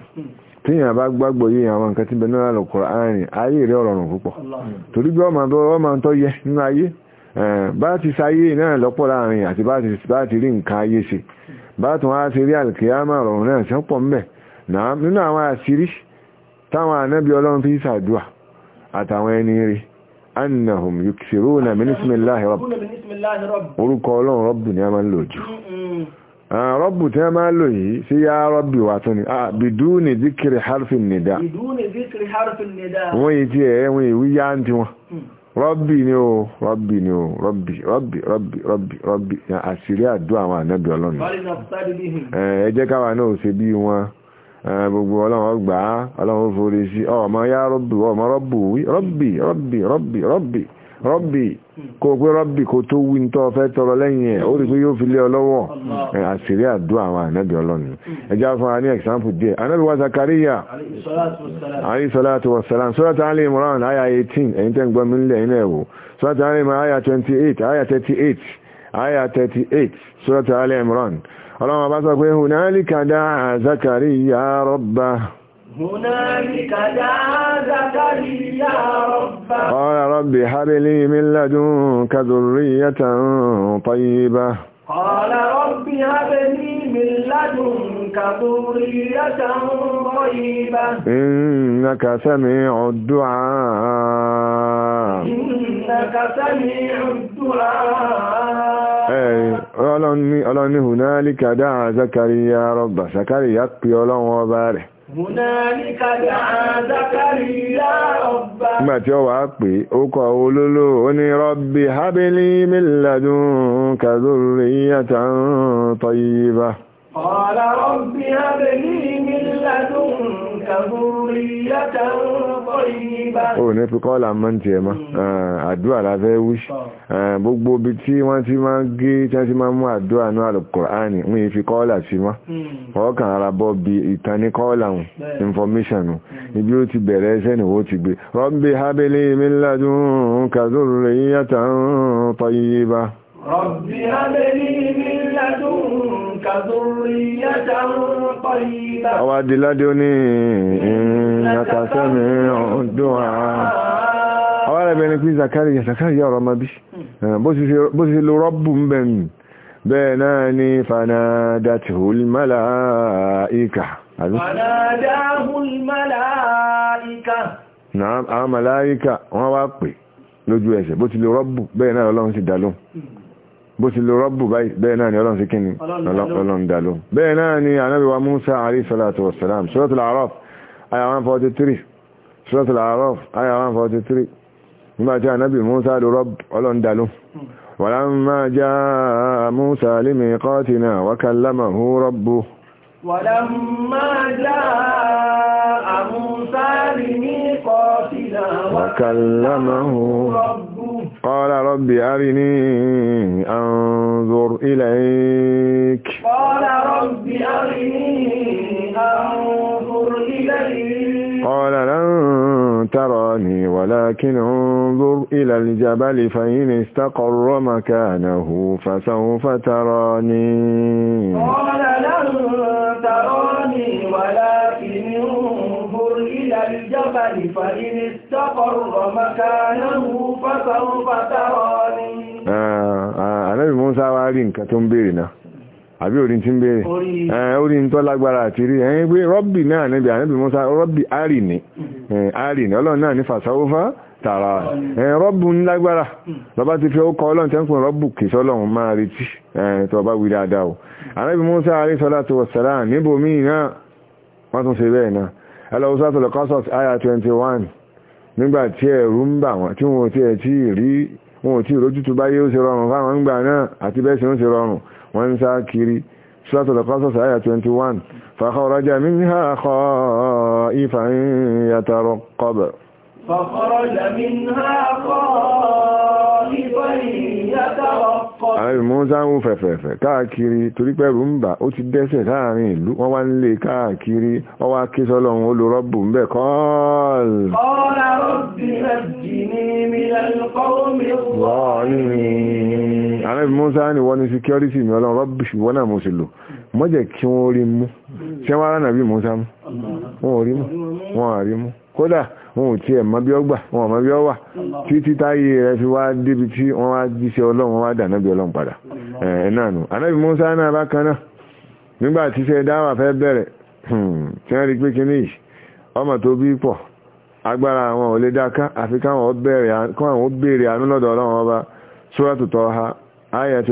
[SPEAKER 2] tíyàn bá gbàgbọ́ àwọn nǹkan tí bẹ̀rẹ̀ alukur'an ayé rẹ̀ ọ̀rọ̀rùn púpọ̀ torí bí ọmọ tó ọmọ tó yẹ nínú ayé bá ti sáyé náà lọ́pọ̀ láàrin àti bá ti rí nǹkan ayé ṣe bá tún wá rí rọrùn náà nínú àwọn àṣírí táwọn ọlọ́run fi àtàwọn ẹni rí annahum Ah, rọ́bù tí a máa lò yìí sí yá rọ́bù wà tún ni bìdú ní zikiri harfin nìdá wọ́n yìí tí ẹ̀ wọ́n yìí wíyá ń tí wọ́n hmm. rọ́bì ni o rọ́bì ni o rọ́bì rọ́bì rọ́bì rọ́bì rọ́bì àṣírí àdúrà àwọn ànábì ọlọ́run eh, ẹ jẹ́ náà ò ṣe bí wọn eh, gbogbo ọlọ́run gbà ọlọ́run forí sí ọmọ yá rọ́bì ọmọ rọ́bù wí rọ́bì rọ́bì rọ́bì rọ́bì rọ́bì kó o pé rọ́bì kó tó wí tó fẹ́ tọrọ lẹ́yìn ẹ̀ ó rí pé yóò fi lé ọ lọ́wọ́ àṣírí àdúrà àwọn ànábì ọlọ́ni hmm. ẹjá fún wa ní ẹ̀sánpù díẹ̀ ànábì wa Zakariya alayhi salatu
[SPEAKER 1] هنالك دعا زكريا قال
[SPEAKER 2] رب هب لي من لدنك ذرية طيبة
[SPEAKER 3] قال ربي هب لي من لدنك ذرية طيبة
[SPEAKER 2] إنك سميع الدعاء
[SPEAKER 1] إنك سميع الدعاء
[SPEAKER 2] ọlọ́ni ọlọ́ni hùnálìkà dáa zakariya rọ̀bà zakariya pè ọlọ́run ọba rẹ̀
[SPEAKER 1] Nígbà
[SPEAKER 2] tí ó wà pé ó kọ olólò ó ní Rabbi habli min ladunka dhurriyatan
[SPEAKER 1] قال رب هب من لدنك ذرية طيبة ó
[SPEAKER 2] ní fi kọ́lá mọ́ ti hmm. ẹ̀mọ́ eh, àdúrà láfẹ́ wíṣì eh, gbogbo bí tí wọ́n ti máa gé tí wọ́n ti máa mú àdúrà náà Al-Kùránì wọ́n yìí fi kọ́lá sí mọ́ hmm. ọkàn ara bọ́ bí ìtaní kọ́lá information hmm. ibi ó ti bẹ̀rẹ̀ ẹsẹ́ ni ó ti gbé Rabbi hab li min ladunka dhurriyatan Àwọn adìládé ó ní ìrìnàtàsẹ́mì ọdún àà. Àwọn arẹ̀bẹ̀rin pín Zakariya, Zakariya ọ̀rọ̀ ma bí. Bó ti lo rọ́bù ń bẹ̀ mì, bẹ́ẹ̀ náà ni fanadatul malaika. Fanadahul malaika. Àwọn malaika wọ́n wá pè lójú ẹsẹ̀, bó bó ti lo rọ́bù báyìí bẹ́ẹ̀ náà ni ọlọ́run sí kíni ọlọ́run dàlú bẹ́ẹ̀ náà ni anábíwa musa alayhi salatu wassalam suratul araf aya 143 suratul araf aya 143 nígbàtí anábí musa lo rọ́bù ọlọ́run dàlú walamma jaa musa limiqatina wa kallamahu rabbuhu
[SPEAKER 1] walamma
[SPEAKER 2] قال رب أرني أنظر إليك
[SPEAKER 1] قال رب أرني أنظر إليك
[SPEAKER 2] قال لن تراني ولكن انظر إلى الجبل فإن استقر مكانه فسوف تراني قال لن تراني ولكن انظر
[SPEAKER 1] إلى الجبل فإن استقر مكانه فسوف تراني
[SPEAKER 2] آه آه أنا بموسى وعلي كتنبيرنا àbí orin tí ń béèrè orí ń tọ́ lágbára àti rí ẹ̀yìn pé rọ́bì náà níbi àníbì Musa rọ́bì ari ni ari ni ọlọ́run náà ní fàṣàwọ́fà tààrà ẹ̀yìn rọ́bù ń lágbára lọ́bá hmm. ti fi ọkọ̀ ọlọ́run tẹ́ ń pè rọ́bù kìsọ́ ọlọ́run máa retí tó bá wí dáadáa o àníbì Musa alayhi salatu wassalam níbo míì náà wọ́n tún ṣe bẹ́ẹ̀ náà ẹlọ́wọ́ sọ́tọ̀lọ́ Qasas aya 21 nígbà tí ẹ̀rù ń bà wọ́n tí wọn ò tí ẹ̀ tí rí wọn ò tí ìrójútu báyé ó ṣe rọrùn fáwọn ńgbà náà àti bẹ́ẹ̀ ṣe ń ṣe rọrùn وانساكري سورة القصص آية 21 فخرج منها خائفا يترقب
[SPEAKER 1] فخرج منها خائفا يترقب
[SPEAKER 2] ààrẹ musa ń fẹ̀fẹ̀fẹ̀ káàkiri torí pẹ̀rù ń bà ó ti dẹ́sẹ̀ láàrin ìlú wọ́n wá ń lé káàkiri ó wá ké sọ́lọ́run ó lo rọ́bù ń bẹ̀ kọ́ọ̀lù. ọ̀la rọ́bì ẹ̀jì ni mi ẹ̀kọ́ mi wọ́n ní. ààrẹ musa ni wọ́n ní security mi ọlọ́run rọ́bì ṣùgbọ́n náà mo sì lò mọ́jẹ̀ kí wọ́n rí mú ṣé wọ́n rán nàbí musa mú wọn ò rí mú wọn à wọn ò tiẹ̀ mọ bí ọ wọn ò mọ wà títí táyé rẹ̀ fi wá débi tí wọ́n wá jíṣẹ́ ọlọ́run wá dànà bí ọlọ́run padà ẹ̀ anábì Musa náà bá náà nígbà tí dáwà fẹ́ bẹ̀rẹ̀ hmm, tí wọ́n rí pé ọmọ tó bí pọ̀ agbára àwọn ò lè dáká àfi ọba ayah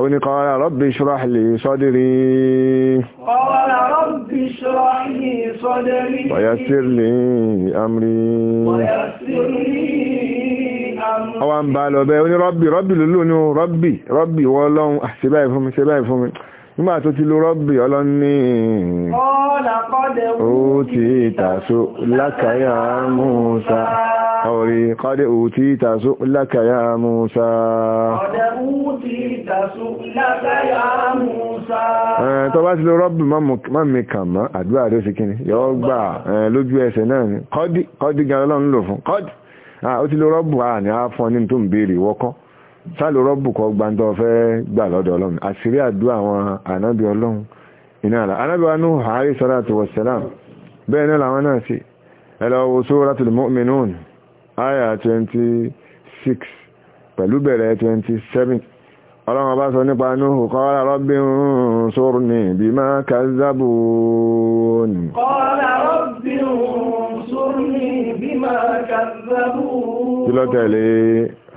[SPEAKER 2] ó ní qala rabbi shrah li sadri
[SPEAKER 1] qala rabbi shrah li sadri wa yassir
[SPEAKER 2] li amri wa
[SPEAKER 1] yassir li amri ọwá
[SPEAKER 2] ń bá lọ bẹ́ ó ní rọ́bì rọ́bì lólónú rọ́bì rọ́bì wọ́lọ́run àṣíbáyé ah, fún mi ṣe báyìí fún mi nígbà tó ti lo rọ́bì ọlọ́ní ó ti ìtàṣó lákàáyà Mùsá ọ̀rí kọ́dẹ̀ ó ti ìtàṣó lákàáyà Mùsá tó bá ti lo rọ́bì má mi kàn mọ́ àdúrà rẹ̀ sí kíni yọ́ gbà lójú ẹsẹ̀ náà ni kọ́dí gan ọlọ́run lò fún kọ́dí ó ti lo rọ́bì àà ní àfọ́ tó ń béèrè wọ́kọ́ sálò rọ́bù kọ gbàǹdọ̀ fẹ́ gbà lọ́dọ̀ ọlọ́run àṣírí àdúrà àwọn ànábì ọlọ́run iná àlà ànábì wa Nuh alayhi salatu wassalam bẹ́ẹ̀ náà làwọn náà sí ẹlọ wo suratul mu'minun àyà 26 pẹ̀lú bẹ̀rẹ̀ 27 ọlọ́run bá sọ nípa Nuh qala rabbi unsurni bima kazzabun
[SPEAKER 1] qala rabbi unsurni bima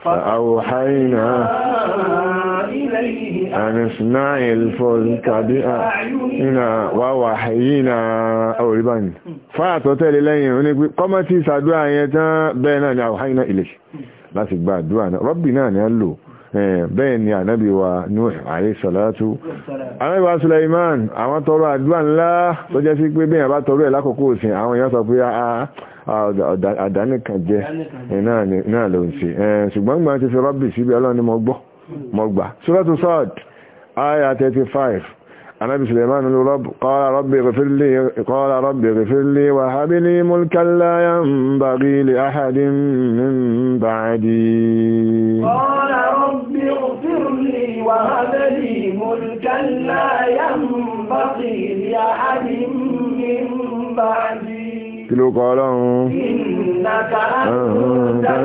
[SPEAKER 2] فأوحينا
[SPEAKER 1] إليه أن
[SPEAKER 2] اصنع الفلك بأعيننا ووحينا أولبان فأتوتل إليه ونقول قمت سادوا آية بيننا أوحينا إليه láti gba àdúrà náà rọ́bì náà ni a lò bẹ́ẹ̀ ni ànábì wa Nuh alayhi salatu ànábì wa Sulaiman àwọn tọrọ àdúrà ńlá tó jẹ́ sí pé bẹ́ẹ̀ bá tọrọ ẹ̀ lákòókò òsìn àwọn èèyàn sọ pé ah, ah, ah, àdánìkan jẹ́ náà ló ń ṣe ṣùgbọ́n gbọ́n ti fi rọ́bì síbi ọlọ́run ni mo gbọ́ mo gbà Suratu Sad aya 35 ابي سليمان رب قال ربي اغفر لي قال ربي اغفر لي وهب لي ملكا لا ينبغي لأحد من بعدي قال
[SPEAKER 1] ربي اغفر لي وهب لي ملكا لا ينبغي لأحد من بعدي كيلو قال انك آه، آه، انت آه.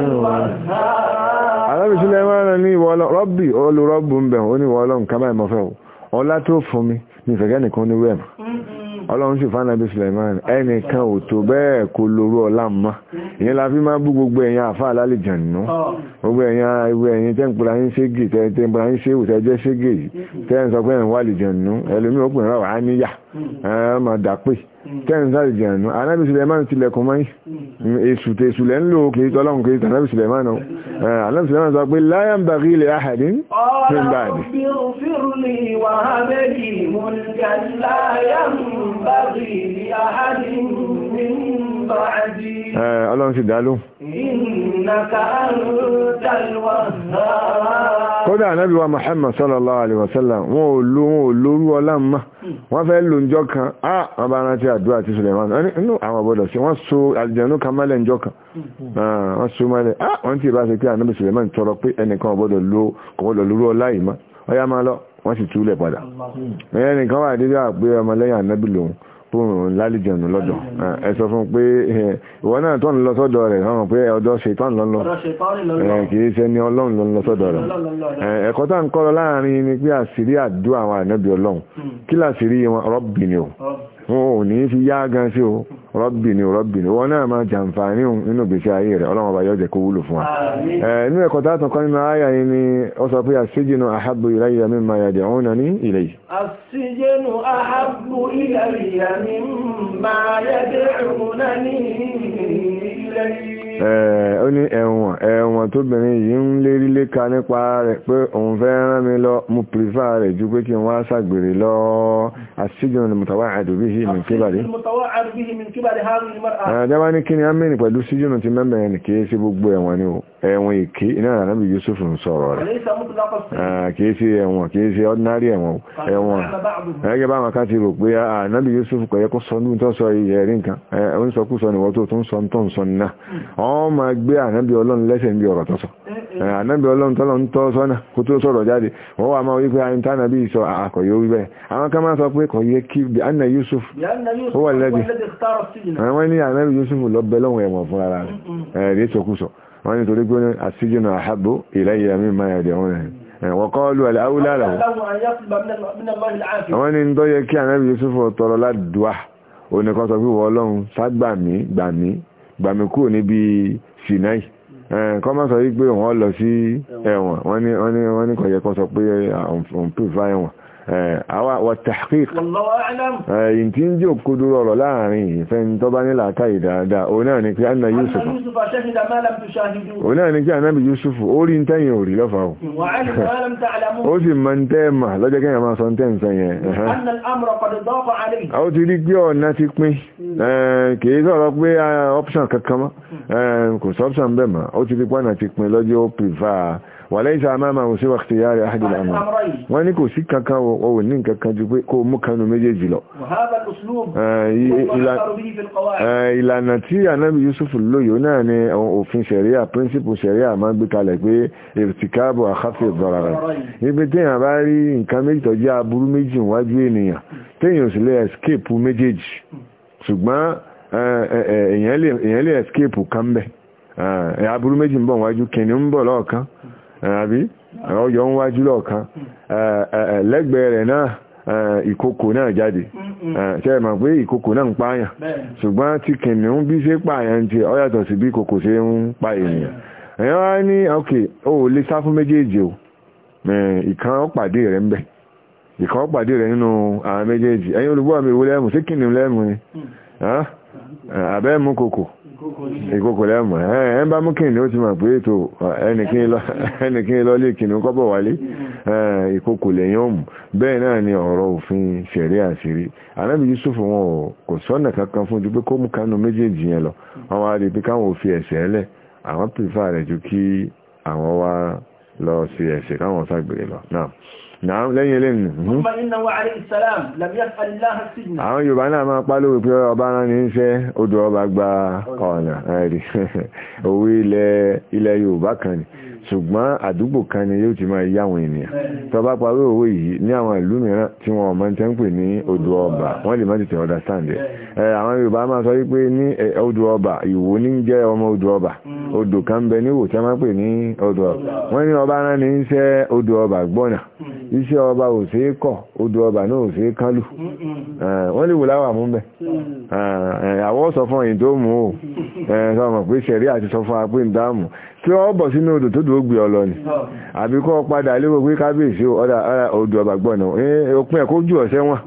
[SPEAKER 2] الوهاب ní ìwọ ọlọ́run rọ́bì olùrọ́bù ń bẹ̀ ó ní ìwọ ọlọ́run ká báyìí mọ́fẹ́ o ni iwo olorun ka ọlá tó fún mi ní ìfẹ̀gẹ́ nìkan ní wẹ́m ọlọ́run sì fánà bí Suleiman ẹnìkan ò tó bẹ́ẹ̀ kó lórú ọlá mọ́ ìyẹn la fi máa bú gbogbo ẹ̀yin àfáà lálejàn nù gbogbo ẹ̀yin ìwé ẹ̀yin tẹ́ ń pèrè ayín ségè tẹ́ ń pèrè ayín séwù tẹ́ jẹ́ ségè yìí tẹ́ ń sọ nù ẹlòmíì ó pè ń rà wá níyà ẹ̀ máa dà kẹ́ǹsá ìjànú anábì suleiman tilẹ̀kùn mọ́ hmm. èsù tèsù lẹ́ ń lò kìí tọ́lọ́run kìí tànábì suleiman anábì eh, suleiman sọ pé láyán bá rí ilẹ̀ àhàdín
[SPEAKER 1] ní báàdì
[SPEAKER 2] ọlọ́run sì dálú kódà anábì wa muhammad sallallahu alaihi wọn ò lórú ọlá mọ́ wọ́n fẹ́ lóúnjọ́ kan ah, á ọba rántí àdúrà tí Suleiman inú àwọn ọ̀bọ̀dọ̀ sí wọ́n so àlìjànú kan mọ́lẹ̀ ìjọ kan mm-hmm. ah, wọ́n so mọ́lẹ̀ ah, wọ́n tí ì bá ṣe pé ànábì Suleiman tọrọ pé ẹnìkan ọ̀bọ̀dọ̀ lóró ọlá yìí mọ́ ọyá máa lọ wọ́n sì túlẹ̀ padà ẹnìkan wà dédé àpé ọmọlẹ́yìn ànábì lòun fóònù lálìjànù lọ́dọ̀ ah, ẹ sọ fún pé ìwọ náà tọ́nù lọ sọ́dọ̀ rẹ̀ hàn pé ọ̀dọ̀ ṣetán lọ lọ eh, kìí ṣe ní ọlọ́run lọ lọ sọ́dọ̀ rẹ̀ eh, ẹ̀kọ́ tá ń kọ́ lọ láàrin ni pé àṣírí àdúrà àwọn ànábì ọlọ́run hmm. kí láṣírí wọn rọ́bì ni o wọn ò ní fi yá gan sí o rọ́bì ni rọ́bì ni wọ́n náà máa jàǹfààní inú gbèsè ayé rẹ̀ ọlọ́run ọba yóò jẹ́ kó wúlò fún wa inú ẹ̀kọ́ tààtàn kan nínú ayà yìí ni ó sọ pé àṣíjìnà àhábù ìráyà mimma yad'una ní ilẹ̀ yìí
[SPEAKER 1] àhábù ìráyà ní ilẹ̀
[SPEAKER 2] Eh, ó ní ẹ̀wọ̀n ẹ̀wọ̀n tóbìnrin yìí ń lérí léka nípa rẹ̀ pé òun fẹ́ rán mi lọ mú pírífà rẹ̀ ju pé kí wọ́n ṣàgbèrè lọ àṣìjìnà ni mùtàwà àdùbí yìí mi kíbàdé
[SPEAKER 1] ẹ̀ẹ́dẹ́wà
[SPEAKER 2] ní kí ni á mẹ́rin pẹ̀lú síjìnà ti mẹ́mẹ́rin kìí ṣe gbogbo ẹ̀wọ̀n ni o ẹ̀wọ̀n ìké iná ànábì Yusuf ń sọ̀rọ̀ rẹ̀ kìí sí ah, ẹ̀wọ̀n kìí sí ordinary ẹ̀wọ̀n ẹ̀wọ̀n ẹgẹ́ bá wọn ká ti rò pé ah, ànábì Yusuf kò yẹ kó sọ ní tó sọ iye rí nǹkan ó ń sọ kú sọ níwọ́ tó tún sọ tó ń sọ nínà wọ́n máa gbé ànábì Ọlọ́run lẹ́sẹ̀ níbi ọ̀rọ̀ tó sọ ànábì Ọlọ́run tọ́lọ́ ń tọ́ sọ́nà kó tó sọ̀rọ̀ jáde wọ́n wà máa wí pé àyíntà wọ́n ni torí pé àṣíjìnà àhábò ìlẹ́yà mímọ̀ ẹ̀dẹ̀ wọn rẹ̀ wọ́n kọ́ lù àláwúlá rẹ̀ wọ́n ni tó yẹ kí ànábì Yusuf tọrọ ládùá oníkan sọ pé wọ́n ọlọ́run ságbà mí gbà mí gbà mí kúrò níbi Sinai kọ́ má sọ wípé wọ́n lọ sí ẹ̀wọ̀n wọ́n ni kò sọ pé òun pè fáyẹ̀wọ̀n Eh, wàtàkìk ẹ̀yìn eh, tí ń jí òkúdú rọrọ̀ láàrin ìfẹ́ tó bá nílà káì dáadáa o náà ni pé anna yusuf o náà ni pé anábi yusuf ó rí tẹ́yìn orí lọ́fà o ó sì mọ́ tẹ́ẹ̀mà lọ́jẹ́ kẹ́yà máa sọ tẹ́ǹsẹ̀ yẹn ó ti rí pé ọ̀nà ti pín hmm. eh, kìí sọ̀rọ̀ pé option kankan mọ́ hmm. kò sọ option wàlẹ́sà àmàmà òsì wàkìtì yára àhàdì àmà wọ́n ní kò sí kankan owó ní kankan ju pé kó mú kanú méjèèjì lọ ìlànà tí anábi Yusuf lóyò náà ni òfin sẹ̀ríà príncipù sẹ̀ríà máa gbé kalẹ̀ pé èrtìkáàbù àkáfẹ́ ìbọ̀ra rẹ̀ ibi téèyàn bá rí nǹkan méjì tó jẹ́ aburú méjì wájú ènìyàn téèyàn sì lè escape méjèèjì ṣùgbọ́n èèyàn lè escape kan bẹ́ẹ̀ aburú méjì ń bọ̀ wájú kìnnì ń bọ̀ lọ́ọ̀kan àbí àwọn ọyọ ń wájú lọ́ọ̀kan lẹ́gbẹ̀ẹ́ rẹ̀ náà ìkòkò náà jáde ṣe mọ̀ pé ìkòkò náà ń pààyàn ṣùgbọ́n tí kìnnìún bí ṣe pààyàn ti ó yàtọ̀ sí bí kòkò ṣe ń pa ènìyàn èèyàn wá ní ok o ò lè sá fún méjèèjì o ìkan ó pàdé rẹ̀ ń bẹ̀ ìkan ó pàdé rẹ̀ nínú àwọn méjèèjì ẹ̀yin olùgbọ́ mi wo lẹ́mù sí kìnnìún lẹ́mù ni mm. àbẹ́mú kòkò ìkókò lẹ́mọ̀ ẹ̀ ń bá mú kìnnì ó ti mọ̀ pé ètò ẹnìkín lọ lè kìnnì kọ́bọ̀ wálé ìkókò lẹ́yìn ọ̀mù bẹ́ẹ̀ náà ni ọ̀rọ̀ òfin ṣẹ̀rí àṣírí anábì Yusuf wọn kò sọ́nà kankan fún ju pé kó mú kánú méjèèjì yẹn lọ àwọn àrí pé káwọn òfin ẹ̀sẹ̀ ẹlẹ̀ àwọn pèfà rẹ̀ ju kí àwọn wá lọ sí ẹ̀sẹ̀ káwọn ságbèrè lọ náà náà lẹ́yìn ilé nì mhm. àwọn yorùbá náà máa pá lórí pé ọba rán ní iṣẹ́ odò ọba gba ọ̀nà ẹ̀rí òwe ilẹ̀ yorùbá kan ni hmm ṣùgbọ́n àdúgbò kan ni yóò ti máa yáwọn ènìyàn tó bá parí owó yìí ní àwọn ìlú mìíràn tí wọn ọmọ tẹ́ ń pè ní odò ọba wọ́n lè má tètè understand ẹ̀ àwọn yorùbá máa sọ wípé ní odò ọba ìwò ní jẹ́ ọmọ odò ọba hmm. odò kan bẹ níwò tí a máa pè ní odò ọba wọ́n ní ọba rán ní iṣẹ́ odò ọba gbọ́nà hmm. iṣẹ́ ọba ò ṣeé kọ̀ odò ọba náà ò ṣeé kánlù hmm. tí ó bọ̀ sínú odò tó dùn ó gbé ọ lọ ni àbí kọ́ padà léwò pé kábíyèsí ọ̀dà odò ọba gbọ́nà òpin ẹ̀kọ́ jù ọ̀sẹ́ wọn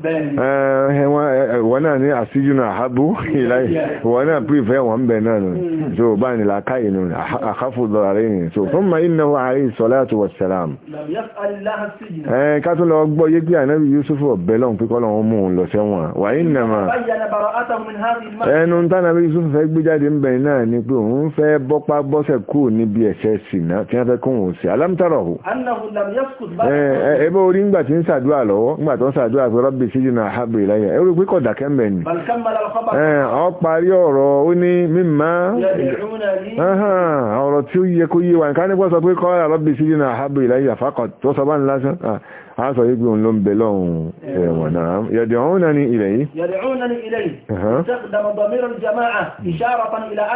[SPEAKER 2] ẹ̀wọ̀n náà ní àṣíjú náà àhábú ìláyè ìwọ̀n náà pífẹ́ wọn bẹ̀ náà nù mm. so bá ní làákà inú àkáfòdọ̀ ààrẹ ni so fún ma iná ààrẹ ìsọ̀láàtù wọ̀sálàm ká tún lọ gbọ́ yé pé ànábì Yusuf ọ̀bẹ lọ́n pé kọ́ lọ́wọ́ mú un lọ sẹ́wọ̀n wà iná Yusuf fẹ́ pé òun ní níbi ẹ̀ṣẹ̀ si tí wọ́n fẹ́ kún òun sí alámtàrọ̀ hù. ẹbẹ́ orí ńgbà tí ń sàdúrà lọ́wọ́ ńgbà tó ń sàdúrà pé rọ́bì síjì náà hábì láyà ẹ̀rù pé kọ̀dà kẹ́mbẹ̀ ni. ọ eh, parí ọ̀rọ̀ ó ní mímá ọ̀rọ̀ tí ó yẹ kó yé wa nǹkan a sọ yìí pé òun ló ń bẹ lọ́hùn ẹ̀wọ̀n náà yẹ̀dẹ̀ òun náà ní ilẹ̀ yìí
[SPEAKER 1] yẹ̀dẹ̀ dọ̀míràn jama'a ìṣàrọ̀fan ilẹ̀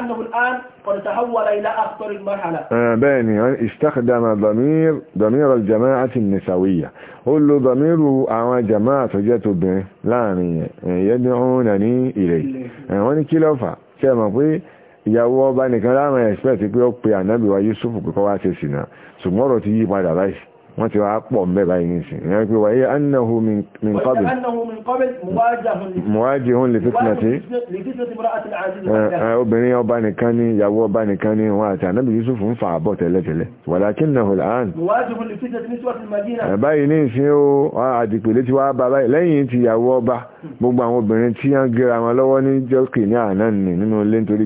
[SPEAKER 1] قد تحول إلى أخطر المرحلة
[SPEAKER 2] آه استخدم ضمير ضمير الجماعة النسوية قل ضمير أعوى جماعة جت به لاني يدعونني إليه واني كيلوفا كما قلت ìyàwó ọba nìkan láwọn ẹ̀ṣẹ́ ti pé ó pe ànábì wa Yusuf wá ṣe sínà ṣùgbọ́n ọ̀rọ̀ ti yí padà báyìí wọ́n ti wá pọ̀ mẹ́ báyìí nìsìn ìyẹn pé wáyé annahu min qabl
[SPEAKER 1] muwajihun li fitnati
[SPEAKER 2] obìnrin ọba nìkan ní ìyàwó ọba nìkan ní wọn àti ànábì yusuf ń fa àbọ̀ tẹ́lẹ̀tẹ́lẹ̀ walakinnahu al'an báyìí nìsìn ó àdìpẹ̀lẹ̀ ti wá bá báyìí lẹ́yìn ti ìyàwó ọba gbogbo àwọn obìnrin tí wọ́n gẹ́ra wọn lọ́wọ́ ní jọ́kì ní àná nì nínú ilé nítorí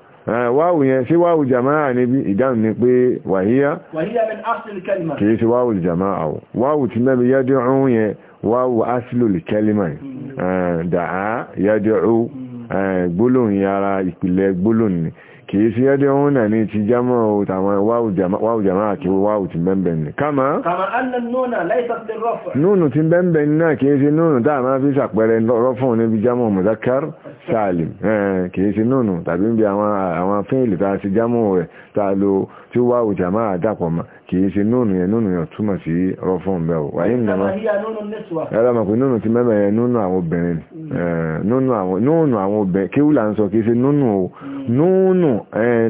[SPEAKER 2] wáwù yẹn sí wáwù jama'a ní bí ìdáhùn ní pé wàhíyá kìí sí wáwù jama'a o wáwù tí mẹ́bí yad'u yẹn wáwù aslul kalima hmm. da'a yad'u hmm. gbólóhùn yára ìpìlẹ̀ gbólóhùn ni kìí sí ẹ́dẹ́ òun náà ní ti jámọ́ òtàwọn wáwù jàmá àti wáwù ti bẹ́ẹ̀bẹ̀ ní kama núnù ti bẹ́ẹ̀bẹ̀ náà kìí sí núnù tàà máa fi sàpẹrẹ rọ́fún níbi jámọ́ mọ̀dákar sáàlì kìí sí núnù tàbí bí àwọn fíìlì tàà sí jámọ́ rẹ̀ tàà lo tí wáwù jàmá àdàpọ̀ ma kìí sí núnù yẹn núnù yẹn túmọ̀ sí rọ́fún bẹ́ẹ̀ wáyé nàmá ẹ̀rọ mọ̀ pé núnù ti mẹ́bẹ̀ yẹn núnù àwọn obìnrin núnù àwọn obìnrin kéwù là ń sọ kìí sí núnù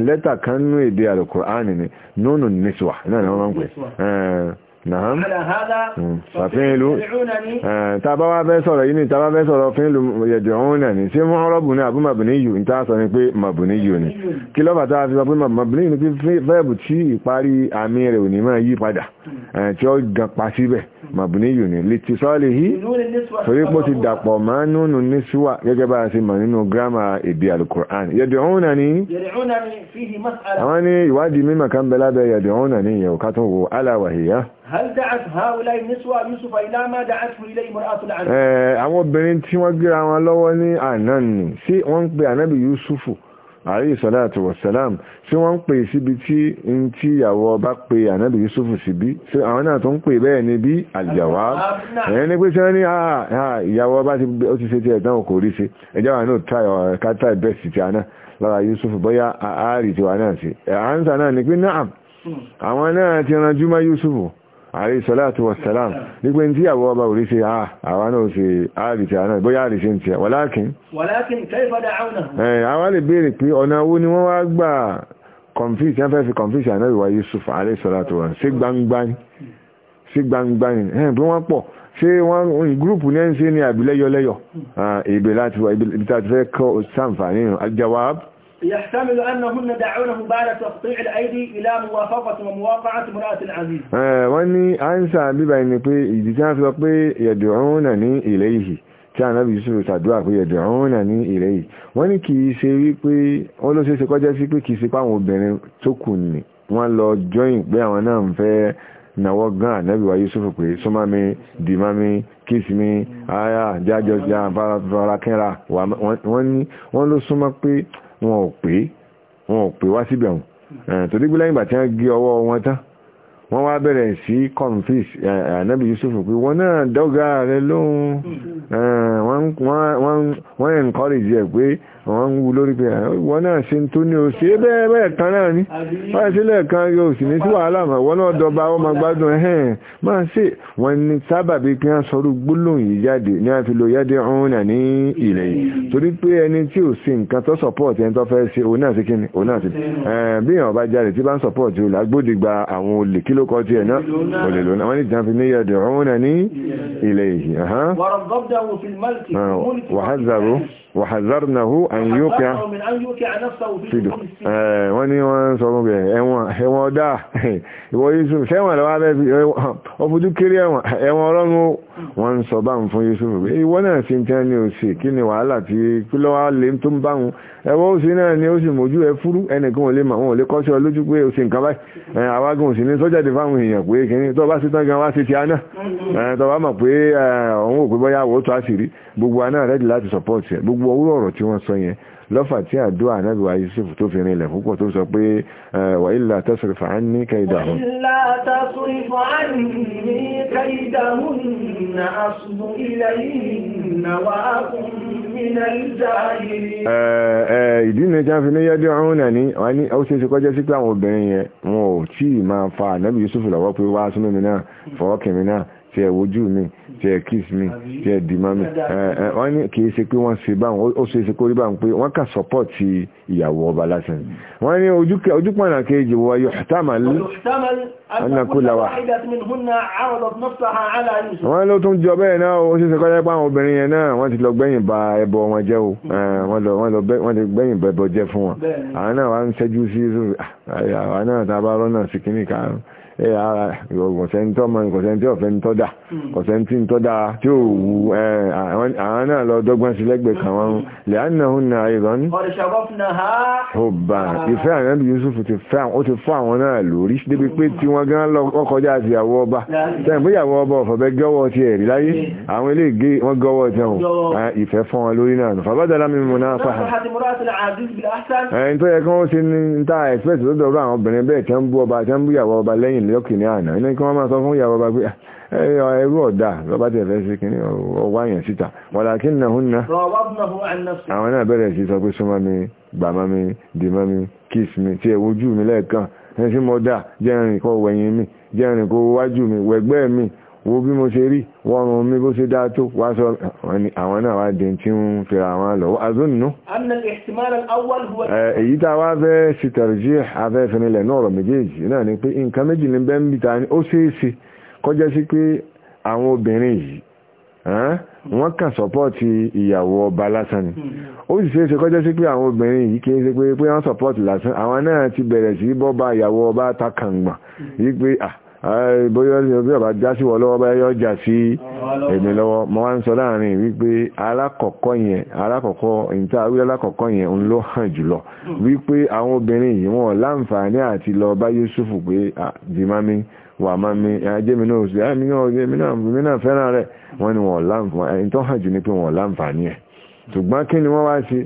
[SPEAKER 2] lẹ́tà kan nú èdè alukur'ani ni nínú níswà náà ni wọ́n máa ń pè Nàám. Fàfínlú. Tàbá wá fẹ́ sọ̀rọ̀ yìí ni tàbá fẹ́ sọ̀rọ̀ fínlú yẹ̀dẹ̀ òun náà ni. Ṣé wọ́n rọ́bù ní àbú yìí ní tàà sọ ní pé màbùní yìí ni. Kí lọ́bà fi sọ pé màbùní yìí ni pé fẹ́ẹ̀bù tí ìparí àmì rẹ̀ màbùníyù ní lítí sọ́ọ̀lì yìí torí pọ́ ti dàpọ̀ máa nínú níṣúwà gẹ́gẹ́ bá sí ma nínú gírámà èdè alukur'an yẹ̀dùn ní àwọn ní ìwádìí mímọ̀ kan bẹ lábẹ́ yẹ̀dùn ní yẹ̀wò kátún wo aláwàhíyá àwọn obìnrin tí wọ́n gíra wọn lọ́wọ́ ní ànáà nì sí wọ́n ń pe ànábì yusufu àrí ìsọ́láàtì wọ̀sálàm tí wọ́n ń pè síbi tí ń tí ìyàwó ọba pè ànábì yusufu sí bí tí àwọn náà tó ń pè bẹ́ẹ̀ ni bí àlìyàwó ẹ̀yẹn ní pé tí wọ́n ní ah, ah, ìyàwó ọba ti ṣe tí ẹ̀dán òkò rí ẹjọ́ wà náà kátà ìbẹ́sì ti àná alayhi salatu wassalam nígbé tí àwọ ọba orí ṣe ah, àwà náà ṣe àrìṣẹ́ àná bóyá àrìṣẹ́ ń tẹ́ walakin
[SPEAKER 1] walakin kayfa da'awnahu
[SPEAKER 2] àwọn lè béèrè pé ọ̀nà owó ni wọ́n wá gbà confuse yẹn fẹ́ fi confuse àná ìwà Yusuf alayhi salatu wa sí gbangba ni sí gbangba ni ẹ̀ bí wọ́n pọ̀ ṣé wọ́n gúrùpù ní ẹ̀ ń ṣe ní àbílẹ́yọlẹ́yọ ìbẹ̀ hmm. ah, láti wà ibi tí a ti fẹ́ kọ́ sàǹfààní al-jawab
[SPEAKER 1] يحتمل أنهن دعونه بعد تقطيع الأيدي إلى موافقة ومواقعة امرأة العزيز
[SPEAKER 2] wọ́n ní ànsà bíbá ẹni pé ìdí tí wọ́n fi sọ pé yẹ̀dùrúnà ní ilayhi tí ànábì Yúsúfù ṣàdúrà pé yẹ̀dùrúnà ní ilayhi wọ́n ní kìí ṣe wípé wọ́n ló ṣe ṣe kọjá sí pé kìí ṣe páwọn obìnrin tó kù ní wọ́n lọ jọyìn pé àwọn náà ń fẹ́ nàwọ́ gan ànábì wa Yúsúfù pé súnmọ́mi dìmọ́mi kíìsì mi àyà jájọ́ sí àfárá kẹ́ra wọ́n ló súnmọ́ pé wọn ò pè wọn ò pè wá síbẹ̀ wọn torí gbé lẹ́yìn ìgbà tí wọ́n gé ọwọ́ wọn tán wọ́n wá bẹ̀rẹ̀ sí confis eh, eh, ànábì Yusuf pé wọ́n náà dọ́gá rẹ lóhun eh, wọ́n encourage ẹ̀ pé wọ́n ń wú lórí pé wọ́n náà ṣe tó ní òsì bẹ́ẹ̀ bẹ́ẹ̀ kan náà ní wọ́n sí lẹ́ẹ̀kan yóò sì ní sí wàhálà mọ̀ wọ́n náà dọba ọmọ gbádùn ẹ̀hẹ́n máa ṣe wọ́n ní sábàbí kí wọ́n sọrú gbólóhùn yìí jáde ní àfi lo yáde ọ̀hún náà ní ilẹ̀ yìí torí pé ẹni tí ò sí nǹkan tó support ẹni tó fẹ́ ṣe òun náà sí kíni òun náà sí bí èèyàn bá jáde tí bá ń support olè àwọn olè kíl ló kọ tiẹ̀ náà kò lè lónà wọ́n ní ìtàn fi níyà dùn òun náà ní ilẹ̀ yìí wàhálàrú wàhálàrúnahu àyíkà fìdù wọ́n ní wọ́n sọ fún ẹ̀wọ̀n dáa ìwọ̀ wọ́n ń sọ bá ń fún Yusuf pé ìwọ náà sí tí wọ́n ní o sì kí ni wàhálà tí kí lọ́ wá lè tó ń bá wọn ẹwọ́ ó sì náà ni ó sì mójú ẹ fúrú ẹnìkan ò lè mọ̀ wọn ò lè kọ́ sí ọ lójú pé o nǹkan báyìí àwágùn ò ní sọ́jáde fáwọn èèyàn pé kìíní tó bá sí tán gan wá sí ti aná tó bá mọ̀ pé òun ò bọ́yá wò ó tó àṣírí gbogbo aná rẹ̀ láti support ẹ̀ gbogbo owó ọ̀rọ̀ tí wọ́n sọ yẹn lọ́fà tí àdúrà ànábì wa Yusuf tó fi rinlẹ̀ púpọ̀ tó sọ pé wà ilà tasrif anni kaydahun ìdí ni jáfi ní yẹ́dí ọ̀run náà ní wọ́n ní ó ṣe ṣe sí pé obìnrin yẹn wọn ò tí ì máa fa ànábì Yusuf lọ́wọ́ pé wá súnmọ́ mi náà fọwọ́kẹ̀mí náà ti ẹ̀wọ́jú mi tí ẹ kiss me tí ẹ dì mami wọ́n ní kìí ṣe pé wọ́n ṣe báwọn ó ṣe ṣe kó rí báwọn pé wọ́n kà support ìyàwó ọba lásán wọ́n ní ojúpọ̀nà kejì wọ yuhtamal
[SPEAKER 1] anakulawa wọ́n
[SPEAKER 2] ló tún jọ bẹ́ẹ̀ náà ó ṣe ṣe kọ́jẹ́ pé àwọn obìnrin yẹn náà wọ́n ti lọ gbẹ̀yìn ba ẹbọ wọn jẹ́ o mm. wọ́n ti gbẹ̀yìn ba ẹbọ jẹ́ fún wọn àwọn náà wá ń ṣẹ́jú sí ah, àwọn náà tá a bá rọ́nà sí kíní kàárùn-ún ẹ ara kọ̀sẹ̀ntọ́ mọ́ kọ̀sẹ̀ntí ọ̀fẹ́ ń tọ́dà kọ̀sẹ̀ntí ń tọ́dà tí ó wù ẹ àwọn náà lọ dọ́gbọ́n sí lẹ́gbẹ̀ẹ́ kan wọn lẹ́ánàhúnnà àìrán
[SPEAKER 1] ọba ìfẹ́
[SPEAKER 2] ànábì Yusuf ti fẹ́ ó ti fún àwọn náà lórí débi pé tí wọ́n gán lọ́kọjá àti ìyàwó ọba tẹ́yìn pé ìyàwó ọba ọ̀fọ̀bẹ gọ́wọ́ ti ẹ̀rí láyé àwọn ilé ìgé wọ́n gọ́wọ́ ti hàn ah, ìfẹ́ fún wọn lórí náà fàbádàlá mi mú náà fà ẹni eh, tó yẹ kí wọ́n ti ní ta ẹ̀sìpẹ̀sì tó àwọn obìnrin bẹ́ẹ̀ tẹ́ ń bú ọba tẹ́ ń bú ìyàwó ọba lẹ́yìn lọ́kìnrin àná ní kí wọ́n máa sọ fún ìyàwó ọba pé ah, ẹrú ọ̀dá lọ́bá tẹ̀ fẹ́ sí kìíní ọwá yẹn síta wàlá kí nà hún náà àwọn náà bẹ̀rẹ̀ sí sọ pé súnmọ́ mi gbàmọ́ mi dìmọ́ mi kiss mi tí ẹ̀wójú mi lẹ́ẹ̀kan ẹni tí mo dà jẹ́rìn kó wẹ̀yìn mi jẹ́rìn kó wájú mi wẹ̀gbẹ́ mi wo bí mo ṣe rí wọ́rùn mi bó ṣe dáa tó wá sọ àwọn náà wá dín tí ń fira àwọn lọ́wọ́ azónú. èyí tá a wá fẹ́ sí afẹ́fẹ́ nílẹ̀ náà ọ̀rọ̀ méjèèjì náà ni pé nǹkan méjì ní bẹ́ẹ̀ ń bìta ó ṣeé ṣe kọjá sí pé àwọn obìnrin yìí wọ́n kàn sọ́pọ́ọ̀tì ìyàwó ọba lásán ni ó sì ṣeéṣe kọjá sí pé àwọn obìnrin yìí kìí ṣe pé pé wọ́n sọ́pọ́ọ̀tì lásán àwọn náà ti bẹ̀rẹ̀ sí bọ́ba ìyàwó ọba takàngbà yìí pé bóyá bí ọba já sí wọ lọ́wọ́ bá yọ jà sí èmi lọ́wọ́ mo wá ń sọ láàrin wípé alákọ̀ọ́kọ́ yẹn alákọ̀ọ́kọ́ ìta wí alákọ̀ọ́kọ́ yẹn ń ló hàn jùlọ wípé àwọn obìnrin yìí wọ́n láǹfààní àti lọ bá Yúsúfù pé dìmámi wà má mi ajémi náà sí àmì náà fẹ́ràn rẹ̀ wọ́n ni wọ́n láǹfààní ẹ̀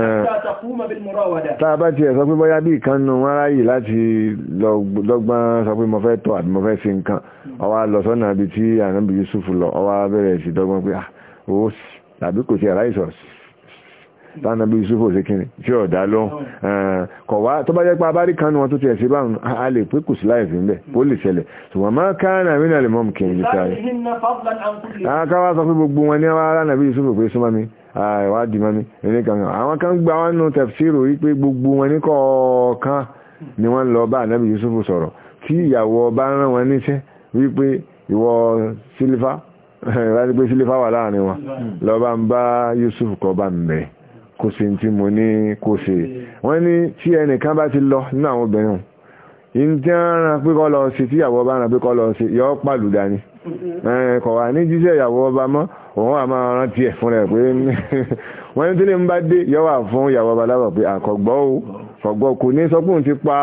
[SPEAKER 2] tàbá ti ẹ̀ sọ pé bọ́yá bí ìkan nù wọ́n ráyì láti lọ́gbọ́n sọ pé mo fẹ́ tọ́ àbí mo fẹ́ sí nǹkan ó wá lọ sọ́nà àbí tí ànábì Yusuf lọ ó wá bẹ̀rẹ̀ sí dọ́gbọ́n pé ah, ó tàbí kò sí àráìsọ̀ tánàbí Yusuf òsì kìnnì tí ọ̀dá ló eh, kọ̀ wá tó bá jẹ́ pé abárí kan wọn tó ti ẹ̀sẹ̀ báwọn a lè pé kò sí láìsí ń bẹ̀ ó lè ṣẹlẹ̀ ṣùgbọ́n máa káàrà mí lè mọ́ mú kìnnì sáré. àkáwá sọ pé gbogbo wọn ní àwọn ará nàbí Yusuf pé súnmọ́ mi ìwádìí mọ́mí ilé kan àwọn kan gba wọn nù tẹ̀fsíìrò wípé gbogbo wọn ní kọ̀ọ̀kan ni wọ́n lọ bá ànábì Yusuf sọ̀rọ̀ tí ìyàwó ọba rán wọn níṣẹ́ wípé ìwọ sílífà láti pé sílífà wà láàrin wọn lọ ń bá Yusuf kọ bá ń bẹ̀ kò sí tí mo ní kò sí wọ́n ní tí ẹnìkan bá ti lọ nínú àwọn obìnrin ìntẹ́ran pé kọ́ lọ sí tí ìyàwó ọba rán pé kọ́ lọ sí yọ pàlùdà ni kọ̀wà ní jíṣẹ́ ìyàwó ọba mọ́ òun àmà ọ̀rán tí ẹ̀ fún rẹ̀ pé wọ́n ní tí lè ń bá dé yọ́wà fún ìyàwó babaláwo pé àkọ́gbọ́ ò kọ̀gbọ́ kò ní sọ́kùn ti pa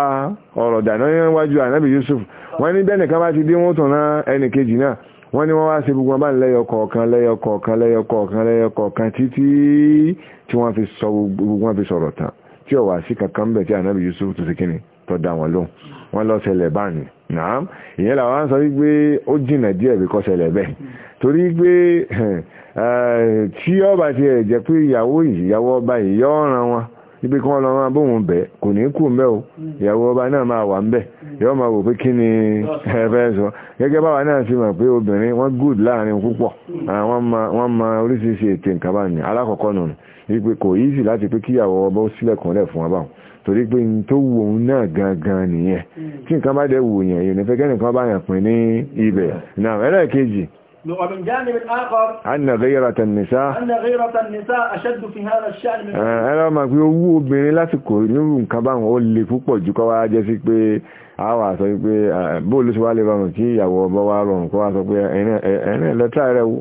[SPEAKER 2] ọ̀rọ̀ dànù níwájú ànábì Yusuf wọ́n ní bẹ́ẹ̀ nìkan bá ti dé wọ́n tún rán ẹnì kejì náà wọ́n ní wọ́n wá ṣe gbogbo bá lẹ́yọ kọ̀ọ̀kan lẹ́yọ kọ̀ọ̀kan lẹ́yọ kọ̀ọ̀kan lẹ́yọ kọ̀ọ̀kan títí tí wọ́n fi sọ gbogbo wọn fi sọ̀rọ̀ Yusuf tó ṣe kíni tó dá wọn lóhùn wọ́n lọ ṣẹlẹ̀ báyìí torí pé eh, eh, tí ọba ti ẹ̀ jẹ́ pé ìyàwó ìyàwó ọba ìyọ́ ọ̀ràn wọn ibi kí wọ́n lọ máa bóhun bẹ̀ kò ní kú mẹ́ o mm. ìyàwó ọba náà máa wà ń bẹ̀ yọ́ máa wò pé kí ni mm. ẹ̀fẹ́ sọ gẹ́gẹ́ báwa náà sì mọ̀ pé obìnrin wọ́n gùd láàrin púpọ̀ mm. ah, wọ́n ma oríṣiríṣi ètò nǹkan bá ní alákọ̀ọ́kọ́ nù wípé kò yíṣì láti pé kíyàwó ọba ó sílẹ̀kùnlẹ̀ fún wọn báwọn torí pé n tó wù òun náà gangan nìyẹn tí nǹkan bá dẹ̀ wù yẹn yìí nífẹ̀ẹ́ kẹ́nìkan bá yàn pín ní ibẹ̀ náà ẹlẹ́ẹ̀kejì
[SPEAKER 1] ومن جانب آخر
[SPEAKER 2] أن غيرة النساء
[SPEAKER 1] أن غيرة النساء أشد في هذا الشأن
[SPEAKER 2] من أنا ما في owó obìnrin lásìkò nírú nǹkan bá wọn ó le púpọ̀ jù kọ́ wá jẹ́ sí pé a wà sọ pé eh, bóòlù sí wá lè rọrùn tí ìyàwó ọba wá rọrùn kọ́ wá sọ pé ẹ̀rin ẹ̀lọ́tà rẹ̀ wó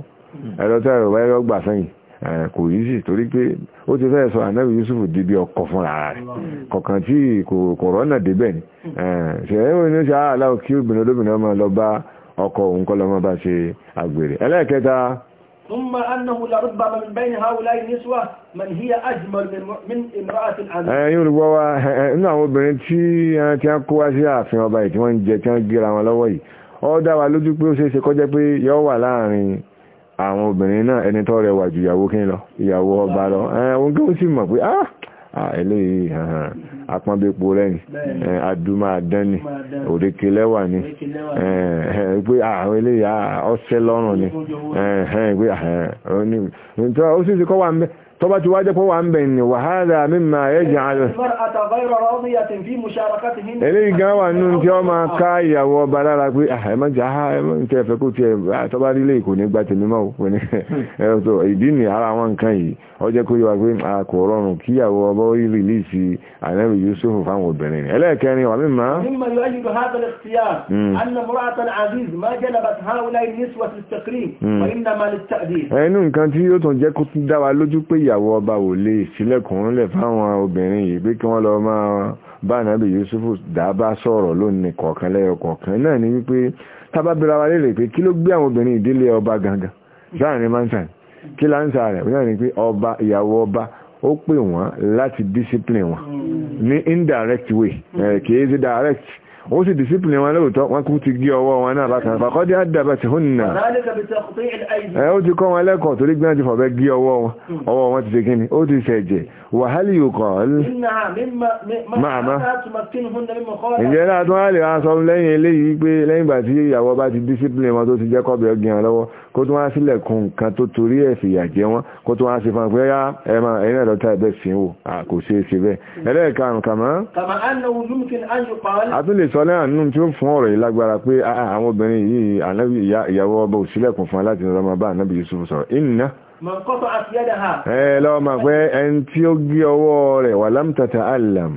[SPEAKER 2] ẹ̀lọ́tà rẹ̀ wáyé ọgbà sẹ́yìn eh, kò yí sí torí pé ó ti fẹ́ sọ ànábì Yusuf di bí ọkọ̀ fún ara rẹ̀ kọ̀kan tí kò rọ́nà débẹ̀ ni eh, ṣe é ó ní ṣe àhàlà kí obìnrin olóbìnrin ọmọ lọ bá ọkọ òun kọ́ lọ́mọ́ bá ṣe àgbèrè ẹlẹ́ẹ̀kẹta
[SPEAKER 1] ثم أنه لربما من بين هؤلاء النسوة من هي أجمل من امرأة العميل
[SPEAKER 2] ẹ̀yìn olùgbọ́ wa nínú àwọn obìnrin tí ẹran tí a kó wá sí ààfin ọba ìtí wọ́n ń jẹ tí wọ́n gíra wọn lọ́wọ́ yìí ó dá wa lójú pé ó ṣe é ṣe kọjẹ́ náà ẹni tó rẹwà ju ìyàwó kí lọ ìyàwó ọba lọ ẹ̀hún kí ó sì mọ̀ pé ah eléyìí apọ́nbépo lẹ́yìn adúmáadánì òrékè lẹ́wà ni pé àwọn eléyìí ọ̀sẹ̀ lọ́rùn ni pé ó sì ti kọ́ wà ń bẹ́ẹ̀ tọba ti wájẹ́ pọ́wàá ń bẹ̀ ní wàhálà mímọ̀ ẹ̀jẹ̀ alẹ́
[SPEAKER 1] eléyìí gan wà nínú tí ọ máa ká
[SPEAKER 2] ìyàwó ọba lára pé ah, ẹ̀mọ́jà ẹ̀mọ́jà ẹ̀fẹ́ kó ti ẹ̀ ah, tọba nílé ìkò ní gba tèmi mọ́ òpin ẹ̀rọ ìdí ni ara wọn nǹkan yìí ó jẹ́ kó yíwa pé ah, kò rọrùn kí ìyàwó ọba ó rìlíìsì ànẹ́rù Yusuf fáwọn obìnrin ẹlẹ́ẹ̀kẹrin wà mímọ̀ ìyàwó ọba ò lè sílẹ̀kùn lẹ̀ fáwọn obìnrin yìí pé kí wọ́n lọ máa bá ànábì Yusufu dábàá sọ̀rọ̀ lónìí kọ̀ọ̀kan lẹ́yọ kọ̀ọ̀kan náà ni wípé tábàbíra wa lè rè pé kí ló gbé àwọn obìnrin ìdílé ọba gangan láàrin mansan kí láǹsà rẹ̀ wọ́n ní pé ọba ìyàwó ọba ó pè wọ́n láti discipline wọn ní indirect way kìí sí direct ó sì discipline wọn lóòótọ́ wọn kú ti gé ọwọ́ wọn náà bákan fàkọ́dé àdàbà ti hún nà ẹ ó ti kọ́ wọn lẹ́kọ̀ọ́ torí gbọ́n ti fọ̀bẹ́ gé ọwọ́ wọn hmm. ọwọ́ wọn ti ṣe kíni ó ti ṣẹ̀jẹ̀ wàhálì yòókọ̀
[SPEAKER 1] máàmá ìjẹ́ náà
[SPEAKER 2] tó wá kó tó wá sílẹ̀ kun nǹkan tó torí ẹ̀ fìyà jẹ wọ́n kó tó wá sí fún pé yá ẹ máa ẹ̀yìn ẹ̀dọ́ta ẹ̀bẹ̀ sí wò kò ṣeé ṣe bẹ́ẹ̀ ẹlẹ́ẹ̀karùn kàmọ́. a tún lè sọ lẹ́yìn nínú tí ó fún ọ̀rọ̀ yìí lágbára pé àwọn obìnrin yìí ìyàwó ọba òṣìlẹ̀kùn fún aláàtì ẹ lọ ma pé ẹn tí ó gí ọwọ́ rẹ̀ wà lámtàtà alam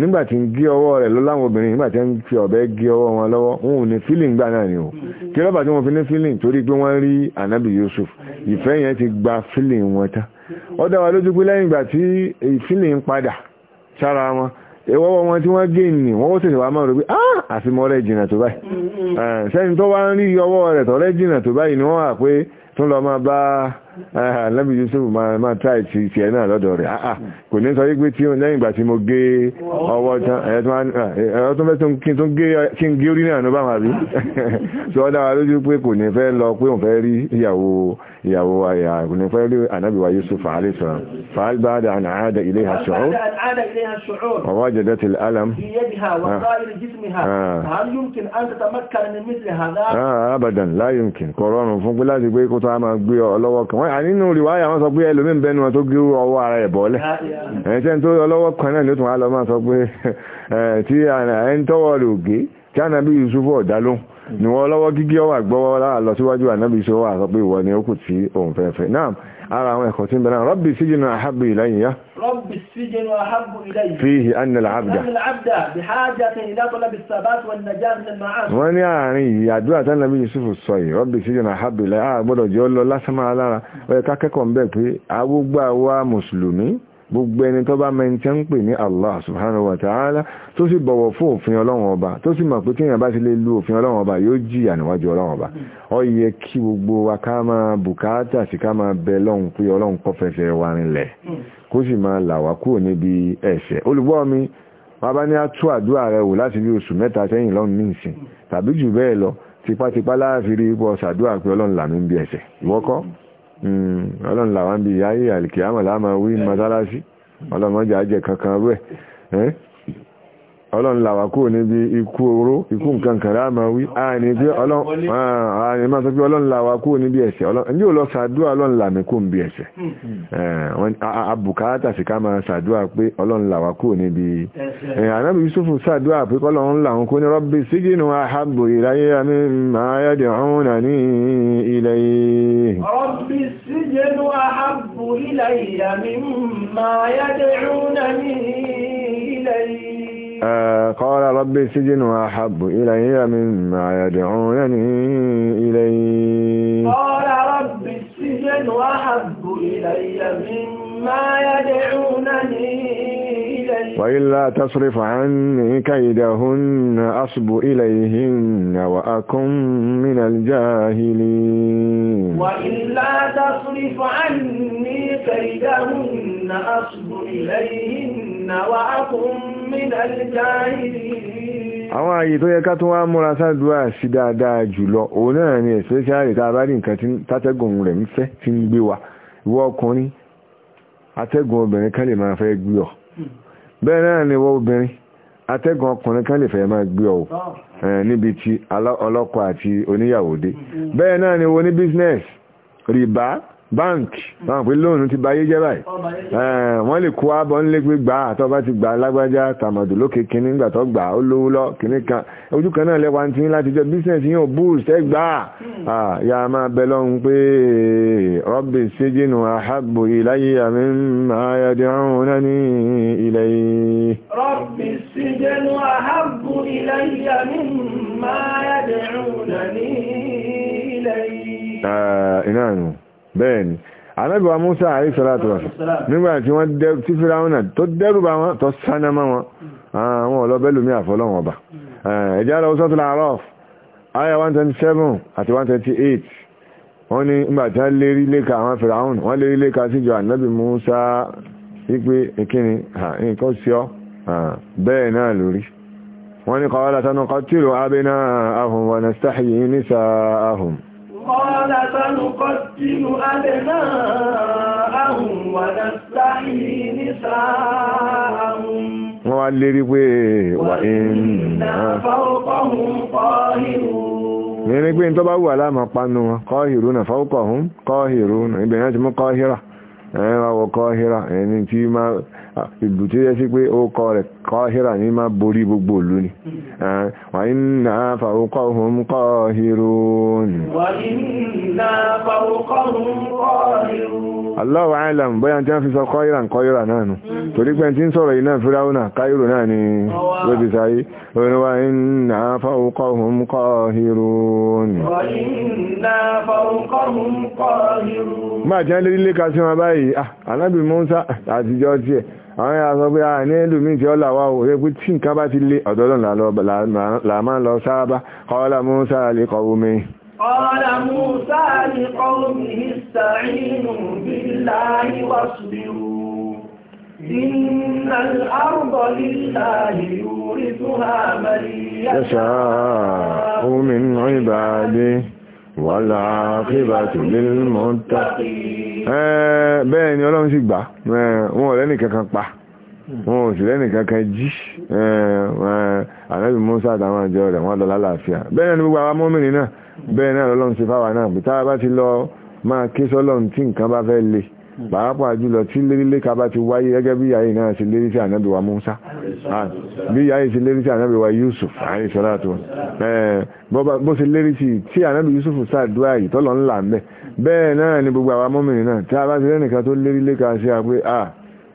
[SPEAKER 2] nígbàtí ń gí ọwọ́ rẹ̀ lọ láwọn obìnrin nígbàtí ń fi ọ̀bẹ gí ọwọ́ wọn lọ́wọ́ wọn ò ní feeling gbà náà ni o kí lọ́bà tí wọ́n fi ní feeling torí pé wọ́n rí anabi Yusuf ìfẹ́ yẹn ti gba feeling wọn tán ó dá wa lójú pé lẹ́yìn ìgbà tí feeling padà sára wọn ìwọ́wọ́ wọn tí wọ́n gé ní wọ́n tẹ̀sẹ̀ wà máa rò pé ah àti rẹ̀ jìnà tó báyìí mm-hmm. sẹ́ni tó wá ń rí ọwọ́ rẹ̀ tọ́rẹ́ jìnà tó báyìí ni wọ́n wà pé tún lọ máa bá anábì eh, Yusuf máa tráì ti ti ẹ̀ náà lọ́dọ̀ rẹ̀ ah, ah, kò ní sọ wípé tí ó lẹ́yìn ìgbà tí mo gé ọwọ́ tán ẹ̀yọ́ eh, eh, tó fẹ́ kí n gé orí náà ló bá wà rí tí ó dára lójú pé kò ní fẹ́ lọ pé òun fẹ́ rí ìyàwó ìyàwó àyà kò ní fẹ́ rí anábì wa Yusuf alayhi salam fàálbàdà àná àádà ilé àṣọ́rọ̀ ọwọ́ jẹ́dẹ́ tẹ̀lé alam abadan la yumkin kọ̀rọ̀rùn fún pé láti pé kó tó a máa gbé ọlọ́wọ́ kan wọ́n nínú rìwáyà wọ́n sọ pé ẹlòmín bẹ́nu wọn tó gé ọwọ́ ara ẹ̀ bọ́ọ̀lẹ̀ ẹ̀ṣẹ́ tó ọlọ́wọ́ kan náà ló tún wá lọ máa sọ pé tí ẹni tọ́wọ́ rẹ̀ ògé tí ànábì Yusuf ọ̀dá mm. ni wọ́n lọ́wọ́ gígé ọwà gbọ́wọ́ lọ síwájú ànábì Yusuf wà sọ pé ìwọ ni ó kù tí òun fẹ́fẹ́ náà ara àwọn ẹ̀kọ́ tí ń bẹ̀rẹ̀ rọ́bì síjìnà àhábù ìlàyìyá fíhì annal abda wọ́n ní àárín yìí àdúrà tánàbí Yusuf sọ yìí rọ́bì síjìnà àhábù ìlàyìyá gbọ́dọ̀ jẹ́ ọlọ lásánmà alára ọ̀yẹ̀ká kẹ́kọ̀ọ́ ń bẹ̀ pé agbógbà wa mùsùlùmí gbogbo ẹni tó bá mẹ́ntẹ́ ń pè ní Allah subhanahu wa ta'ala tó sì bọ̀wọ̀ fún òfin ọlọ́run ọba tó sì mọ̀ pé tí èèyàn bá ti lè lu òfin ọlọ́run ọba yóò jìyà níwájú ọlọ́run ọba ó yẹ kí gbogbo wa ká máa bùkátà sí ká máa bẹ lọ́hùn pé ọlọ́run kó fẹsẹ̀ wa rinlẹ̀ kó sì máa là wá kúrò níbi ẹ̀ṣẹ̀ olùgbọ́ mi wọn bá ní atú àdúrà rẹ wò láti bí oṣù mẹ́ta sẹ́yìn lọ́run ní tàbí jù bẹ́ẹ̀ lọ tipátipá láàfin rí ipò ṣàdúrà pé ọlọ́run làmí bí ẹ̀ṣẹ̀ ìwọ́kọ́ Hmm, ọlọ́run làwọn bí ayé àlìkìyàmọ̀ láàmà wí mọ́sálásí ọlọ́mọjà jẹ́ kankan rú ẹ̀ ọlọ́run làwà kúrò níbi ikú oró ikú mm-hmm. nǹkan kan láàmà wí ààrin pé ọlọ́run máa sọ pé ọlọ́run làwà kúrò níbi ẹ̀ṣẹ̀ ẹni yóò lọ sàdúrà ọlọ́run làmì kúrò níbi ẹ̀ṣẹ̀ mm-hmm. abùkátà sí ká máa sàdúrà pé ọlọ́run làwà kúrò níbi ànábì Yusuf sàdúrà pé ọlọ́run làwọn kó ní rọ́bì sígínú ahabbu ilayya mimma yad'unani ilayhi.
[SPEAKER 1] rọ́bì sígínú ahabbu ilayya
[SPEAKER 2] آه، قال رب السجن أحب إلي مما يدعونني إليه قال
[SPEAKER 1] رب السجن أحب إلي مما يدعونني
[SPEAKER 2] وإلا تصرف عني كيدهن أصب إليهن وأكن من الجاهلين
[SPEAKER 1] وإلا تصرف عني كيدهن أصب إليهن وأكن من الجاهلين
[SPEAKER 2] àwọn àyè tó yẹ ká tó wá múra sádùá sí dáadáa jùlọ òun náà ni especially tá bá rí nǹkan tátẹ́gùn rẹ̀ ń fẹ́ tí ń gbé wa ìwọ ọkùnrin atẹ́gùn obìnrin kan lè máa fẹ́ gbé ọ bẹ́ẹ̀ náà ni wọ́n obìnrin atẹ́gùn ọkùnrin kan lè fẹ́ máa gbé ọ ah. níbi tí ọlọ́kọ àti oníyàwó dé bẹ́ẹ̀ náà ni wọ́n ní business rìbá báńkì wọn pè lóòrùn ti báyé jẹ́ báyìí wọ́n lè kó abọ́ ń lé pé gbà àtọ́ bá ti gbà lágbájá tàmàdù lókè kìíní gbà tó gbà ó lówó lọ kìíní kan ojú kan náà lẹ́wà tí láti jọ bísíǹsì yóò boost ẹ gbà ya máa bẹ lọ́hùn pé rabbi sijinu ahabbu ilayya mimma yad'unani ilayhi.
[SPEAKER 1] rabbi sijinu ahabbu ilayya mimma yad'unani ilayhi.
[SPEAKER 2] iná nù bẹ́ẹ̀ ni ànábì wa Musa alayhi salatu wa nígbà tí wọ́n tí Fíráúnà tó dẹ́rùbà wọn tó sáná mọ́ wọn àwọn ọlọ́bẹ́lùmí àfọlọ́wọn ọba ẹ̀já lọ sọ́tún Al-A'raf aya 127 àti 128 wọ́n ní ìgbà tí wọ́n lérí léka àwọn Fíráúnà wọ́n lérí léka síjọ ànábì Musa wípé ìkíni nǹkan sí ọ bẹ́ẹ̀ náà lórí wọ́n ní qala sanuqattilu abna'ahum wa
[SPEAKER 1] قال سنقدم أبناءهم ونستحيي نساءهم wọ́n wá lérí
[SPEAKER 2] pé wà ìnà ìrìn pé tó bá wù aláàmà panu wọn kọ́ ìrùnà fọ́ọ̀kọ̀ hún kọ́ ìrùnà ibẹ̀ yẹn ti mú kọ́ ìrà ẹ̀yìn wá wọ kọ́hírà ẹni tí máa ìlú tí yẹ sí pé ó kọ́ rẹ̀ kọ́hírà ní máa borí gbogbo ni
[SPEAKER 3] wà Allahu
[SPEAKER 2] alam bóyá tí wọ́n fi sọ kọ́ìrà ń kọ́ìrà náà nù torí pé tí ń sọ̀rọ̀ iná fíráúnà káìrò náà ni ló ti sáyé oníwà iná fọ́ọ̀kọ́hùn kọ́ọ̀hìrún máa jẹ́ lé lílé ka sí wọn báyìí anábì ah, Mùsá àtijọ́ tiẹ̀ àwọn yà sọ pé a ah, ní ìlúmí tí ó làwà òwe pé tí nǹkan bá ti lé ọ̀dọ́dọ̀ làmá lọ sáábá kọ́ọ́lá Mùsá lè kọ̀wé
[SPEAKER 1] قال موسى لقومه استعينوا بالله واصبروا إن الأرض لله يورثها من
[SPEAKER 2] يشاء من عباده والعاقبة للمتقين bẹ́ẹ̀ ni ọlọ́run sì gbà wọn ò lẹ́nì kankan pa wọn ò sì lẹ́nì kankan jí ànábì Mùsá àtàwọn àjọ rẹ̀ wọ́n lọ lálàáfíà bẹ́ẹ̀ ni gbogbo àwọn mọ́mìnrin náà bẹ́ẹ̀ náà lọ́lọ́run ṣe fáwa náà tá bá ti lọ máa ké sọ́lọ́run tí nǹkan bá fẹ́ le pàápàá jùlọ tí lérílé ká bá ti wáyé gẹ́gẹ́ bí yàyí náà ṣe lérí sí ànábì Musa bí yàyí ṣe lérí sí ànábì Yusuf àyè sọ́lá tó bó ṣe lérí sí tí ànábì Yusuf ṣàdúrà yìí tọ́lọ̀ ńlá ń bẹ̀ bẹ́ẹ̀ náà ni gbogbo àwa mọ́mìnì náà tí a bá ti lẹ́nìkan tó lérílé ká ṣe àpé a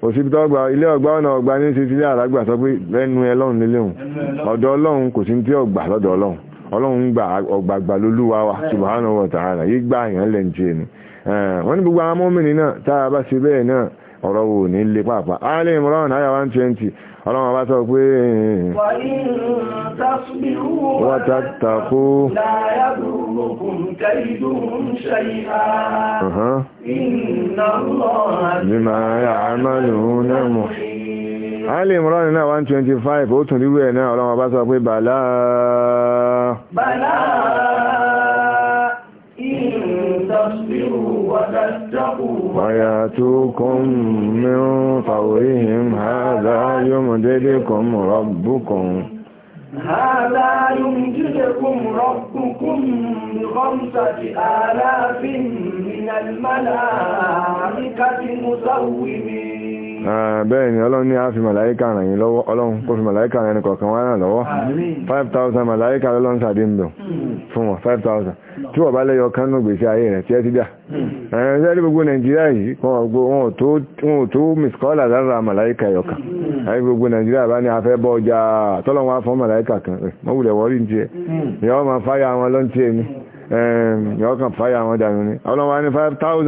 [SPEAKER 2] òsibí tó gba ilé ọgbà ọ̀nà ọgbà ní ṣe sílé àràgbà sọ pé lẹ́nu ẹlọ́run lélẹ́hùn ọ̀dọ̀ ọlọ́run kò sí ní tí ọgbà lọ́dọ̀ ọlọ́run ọlọ́run gba ọgbàgbà lólúwa wa subhanahu wa ta'ala yìí gba àyàn lẹ́ǹtì ẹni wọ́n ní gbogbo àwọn mọ́mìnì náà tá a bá ṣe bẹ́ẹ̀ náà ọ̀rọ̀ wò ní lè pàápàá Ali Imran àyà 120 ọlọ́run bá sọ pé
[SPEAKER 1] wa tattaqu la Ali
[SPEAKER 2] Imran náà 125 ó tún ríwẹ̀ náà ọlọ́wọ́ bá sọ pé bàlá bàlá وياتوكم من فورهم هذا يمددكم ربكم
[SPEAKER 1] هذا يمددكم ربكم بخمسة آلاف من الملائكة مسومين
[SPEAKER 2] Ah, bẹ́ẹ̀ ni ọlọ́run ní a fi màláíkà ràn yín lọ́wọ́ ọlọ́run kó fi màláíkà ràn kọ̀ọ̀kan wá lọ́wọ́ 5,000 màláíkà lọ́lọ́run sàdé ń bẹ̀ hmm. fún wọn 5,000 tí wọ́n bá lẹ́yọ kánú gbèsè ayé rẹ̀ tí ẹ ti dà hmm. ẹ̀rẹ́sẹ́rí gbogbo nàìjíríà yìí hmm. wọn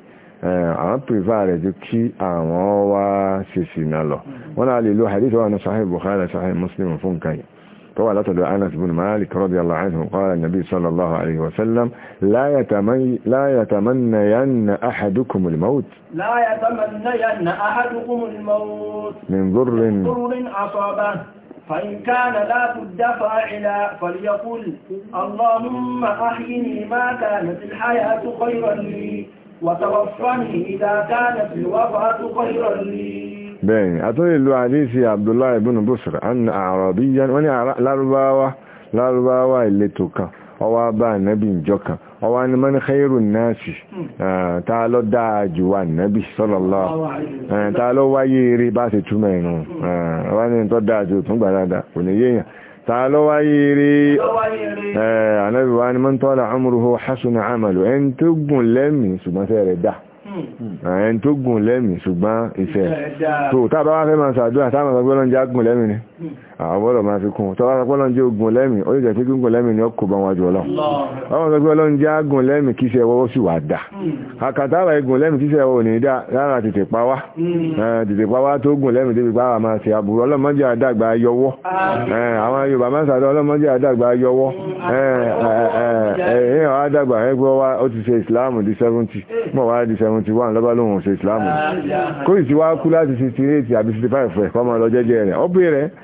[SPEAKER 2] àwọn pèfà rẹ̀ ju kí àwọn wá ṣèṣì náà lọ wọ́n náà lè lo hadith wa ní sahih bukhari sahih muslim fún kan yìí tó wà látọ̀dọ̀ anas bin malik radiyallahu anhu qala nabi sallallahu alaihi wasallam la yatamanna yanna ahadukum al-maut
[SPEAKER 1] la yatamanna yanna ahadukum al-maut
[SPEAKER 2] min dhurrin
[SPEAKER 1] asaba فإن كان لا بد فاعلا فليقل اللهم أحيني ما كانت الحياة خيرا لي وتوفني إذا كانت الوفاة خيرا لي
[SPEAKER 2] بين أتولي له حديث عبد الله بن بصر أن أعرابيا وني لارباوة لارباوة اللي توكا ọwá bá ànábì ìjọkan ọwá ni mọ́ ní khairu náàsì ta lọ dáa jù wà náàbì sọ́lọ́lọ́ ta lọ wáyé rí bá ti túnmẹ̀ ta ló wáyé rí ànábì wa ni mọ́ tọ́lá ọmọrùhù hasuna amalu ẹni tó gùn lẹ́mì ṣùgbọ́n fẹ́ rẹ̀ dá
[SPEAKER 3] hmm.
[SPEAKER 2] ẹni tó gùn lẹ́mì ṣùgbọ́n ìfẹ́ àwọ́lọ̀ máa fi kún tọ́wọ́ sọ pé ọlọ́run jẹ́ ogun lẹ́mì ó lè gúngun lẹ́mì ni ó kò bá wọn jù ọlọ́run ọmọ sọ pé ọlọ́run jẹ́ agùn lẹ́mì kí iṣẹ́ ọwọ́ sì wà dà àkàtàrà igun lẹ́mì kí iṣẹ́ ọwọ́ ní dá lára tètè pa wá mm. tètè pa wá tó gùn lẹ́mì débi pa wá máa ṣe àbúrò ọlọ́mọdé àdàgbà yọwọ́ àwọn Yorùbá máa sàdọ́ ọlọ́mọdé àdàgbà yọwọ́ ẹ̀yìn àwọn di 70 mọ̀ di 71 lọ́bá lóhun ṣe ìsìláàmù kó ìsì wá kú láti 68 àbí 65 rẹ̀ kọ́mọ lọ jẹ́jẹ́ rẹ̀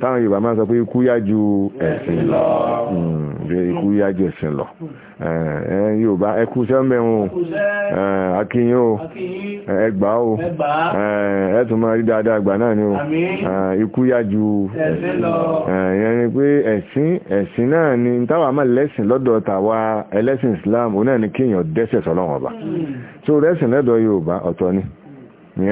[SPEAKER 2] táwọn Yorùbá máa sọ pé ikú yájú ẹ̀sìn lọ hmm. ikú yájú ẹ̀sìn lọ eh, eh, Yorùbá ẹkú sẹ́mẹ̀rún akíyín o ẹgbà eh, o ẹ̀tùn máa rí dáadáa àgbà náà ni o ikú yájú ẹ̀sìn lọ ìyẹn ni pé ẹ̀sìn ẹ̀sìn náà ni táwa máa lẹ́sìn lọ́dọ̀ tàwa ẹlẹ́sìn Islam ó náà ni kéèyàn dẹ́sẹ̀ sọ́lọ́wọ́n ọba hmm. so rẹ́sìn lẹ́dọ̀ Yorùbá ni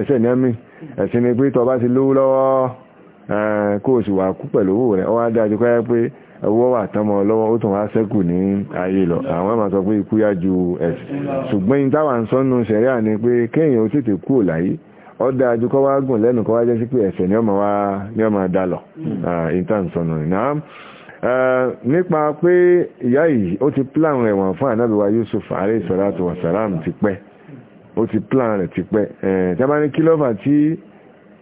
[SPEAKER 2] ìyẹn ẹ̀sìn ni pé tó bá ti lówó lọ́wọ́ kó o sì wà kú pẹ̀lú owó rẹ̀ ọwá dájú kọ́yá pé owó wà tánmọ́ lọ́wọ́ ó tún wá ṣẹ́kù ní ayé lọ àwọn àmà sọ pé ikú yá ju ẹ̀sìn ṣùgbọ́n yìí táwà ń sọ́nù sẹ̀ríà ni pé kéèyàn ó tètè kú ò láyé dájú kọ́ wá gùn lẹ́nu kọ́ wá jẹ́ sí pé ẹ̀sẹ̀ ni ọmọ wá ní ọmọ dá nípa pé ìyá yìí ó ti pláàn ẹ̀wọ̀n fún ànábìwá Yusuf alayhi salatu wa salam ti pẹ́ ó ti plan rẹ̀ ti pẹ́ ẹ̀ tí a bá ní kílọ́fà tí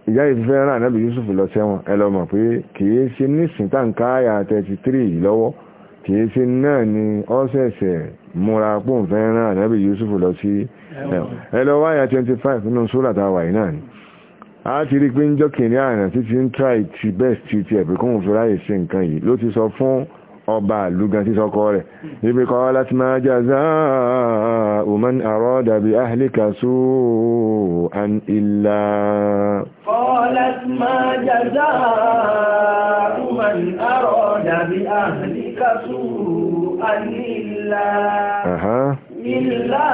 [SPEAKER 2] ìyá ìfẹ́ rán ànábì Yusuf lọ sẹ́wọ̀n ẹ lọ mọ̀ pé kìí ṣe nísìn táǹkà àyà 33 yìí lọ́wọ́ kìí ṣe náà ni ọ́sẹ̀ẹ̀sẹ̀ múra pòun fẹ́ rán ànábì Yusuf lọ sí ẹ lọ wáyà 25 nínú sólà tá a wà yìí náà ni a ti rí pé ń jọ́kìnrin àná títí ń try ti best ti ti ẹ̀bí kóun ráyè ṣe nǹkan yìí ló ti sọ fún ọba àlúgan sí sọ́kọ rẹ̀ ibi kọ́ láti máa jàzá òmìn àrọ́ dàbí áhìlìkà sú an ilá
[SPEAKER 1] Ìlà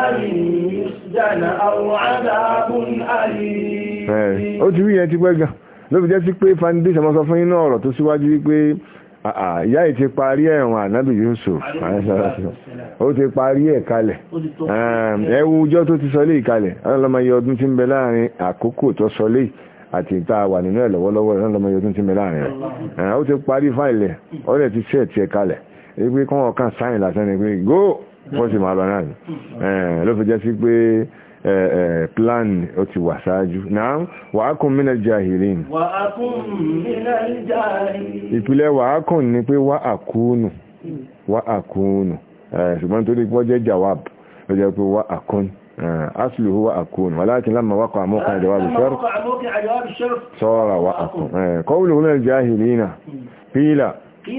[SPEAKER 1] àrìn ìjànà àwọn àdábùn àrìn. Ó ti rí
[SPEAKER 2] ẹ ti gbẹ́gàn ló fi jẹ́ sí pé foundation mọ́ sọ fún inú ọ̀rọ̀ tó síwájú wípé Ah, ah, ìyá yìí ti parí ẹ̀wọ̀n ànábì Yusuf ó ti parí ẹ̀ kalẹ̀ ah, ẹwù ọjọ́ tó ti sọlé ìkalẹ̀ ọlọ́mọye ọdún tí ń bẹ láàrin àkókò tó sọlé àti ìta wà nínú ẹ̀ lọ́wọ́lọ́wọ́ ọlọ́mọye ọdún tí ń bẹ láàrin rẹ̀ ó ti parí fáìlẹ̀ ọ̀rẹ́ ti ṣẹ̀ tiẹ̀ kalẹ̀ pé kọ́wọ́ kan sáyìn lásán ni pé go wọ́n sì máa lọ náà hmm. eh, ló fi jẹ́ sí pé plan o ti wà sáájú náà wà á kún mínà jahilin
[SPEAKER 1] wà á kún mínà jahilin
[SPEAKER 2] ìpìlẹ̀ wà á kún ní pé wà á kúnù wà á kúnù ṣùgbọ́n tó dípọ́ jẹ́ jawab ó jẹ́ pé wà á kún aslu huwa akun walakin lamma waqa mawqi'a jawab ash-shart sara wa akun qawluhu lil jahilina hmm. qila kí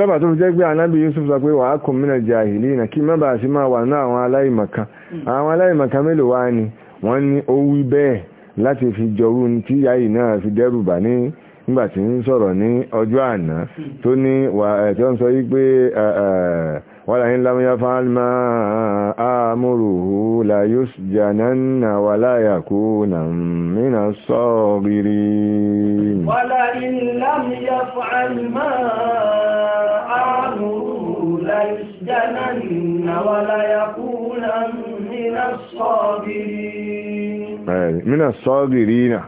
[SPEAKER 2] lọ́bà tó fi jẹ́ gbé ànábì Yusuf sọ pé wà á kùn mínà jahilina kí má bàá sí máa wà ní àwọn aláìmọ̀kan hmm. àwọn aláìmọ̀kan mélòó wá ni wọ́n ní ó wí bẹ́ẹ̀ láti fi jọrú tí yáyì náà fi dẹ́rù bà ní nígbàtí ń sọ̀rọ̀ ní ọjọ́ àná hmm. tó ní wà ẹ̀tọ́ sọ yí pé ولئن لم يفعل ما آمره ليسجنن ولا يكون من الصاغرين ولئن لم يفعل ما
[SPEAKER 1] آمره ليسجنن ولا يكون من الصاغرين
[SPEAKER 2] من الصاغرين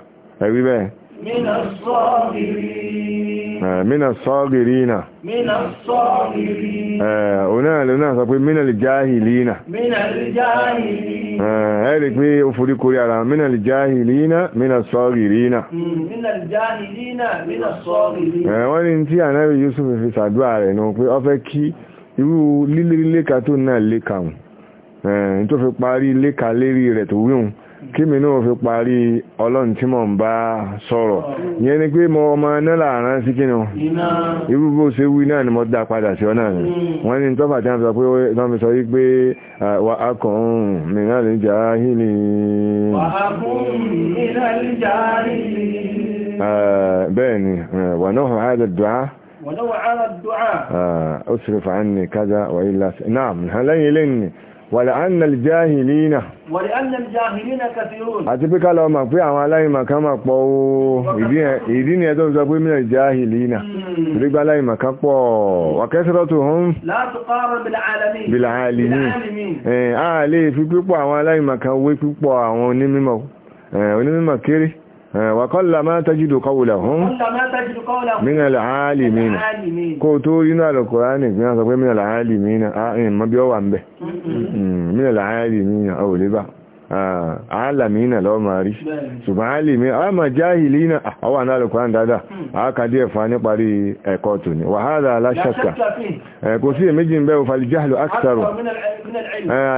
[SPEAKER 1] من الصاغرين
[SPEAKER 2] Eh, mina sọ́gìrínà onáàlẹ́ náà sọ pé mina lè jáhìlínà ẹ̀rì pé ó forí kórí ara mina lè jáhìlínà mina sọ́gìrínà wọ́n ni tí ànábì Yusuf fi sàdúrà rẹ̀ nù pé ó fẹ́ kí irú lílé léka tó náà léka hùn eh, tó fi parí léka lérí rẹ̀ tó wíhùn kí mi náà fi parí ọlọ́run tí mò ń bá sọ̀rọ̀ yẹn ni pé mo ọmọ náà láàrán sí kí ni irú bó ṣe wí náà ni mo dá padà sí ọ́nà rẹ̀ hmm. wọ́n ní tọ́fà tí wọ́n sọ pé wọ́n fi sọ yí wà á kàn ń mìíràn lè jà hìlì bẹ́ẹ̀ ni wà náà hàn
[SPEAKER 1] ولو على الدعاء
[SPEAKER 2] أسرف عني كذا وإلا نعم هلين لني ولأن الجاهلين
[SPEAKER 1] ولأن الجاهلين كثيرون
[SPEAKER 2] àti pé ká lọ mọ̀ pé àwọn aláìmọ̀ kan máa pọ̀ oó ìdí ni ẹjọ́ sọ pé mílẹ̀ jahilina hmm. rígbà aláìmọ̀ kan pọ̀ وكثرتهم
[SPEAKER 1] لا تقارن بالعالمين بالعالمين
[SPEAKER 2] àà lè fi pípọ̀ àwọn aláìmọ̀ kan wé pípọ̀ àwọn onímọ̀ kéré Eh, wàkọ́lá máa tajidu qawlahum min al-alimin kó tó inú al-Qur'ani ní wọ́n sọ pé ààrin mọ́bí ọwà ń bẹ̀ mm, min al-alimin Ah, alamina lọ ma rí ṣùgbọ́n alimi a ma jáhìlì na ah, àwọn alùkùnrin dada hmm. a ka díẹ̀ fa ní parí ẹ̀kọ́ tó ní wàhálà aláṣàkà kò sí èméjì ń bẹ́wò falì jáhìlù akṣàrò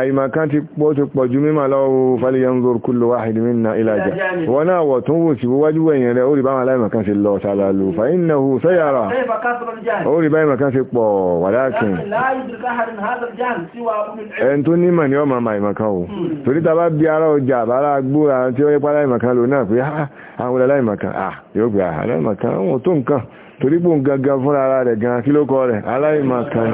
[SPEAKER 2] àìmàkan ti pọ̀ tó pọ̀ ju mímọ̀ lọ́wọ́ falì yanzur kullu wahidi minna ilaja wọn náà wọ̀ tún wù sí wájú wẹ̀yìn rẹ̀ orí báwọn aláìmàkan ṣe lọ sàlàlù fa innahu sayara orí báìmàkan ṣe pọ̀ bí ara ọjà bára gbóra tí ó yípa láìmọ̀kan lò náà pé ah, àwọn aláìmọ̀kan à ah, yóò gbé ah, aláìmọ̀kan àwọn tó nǹkan torí pò ń gangan fúnra ara rẹ̀ gan kí ló kọ rẹ̀ aláìmọ̀kan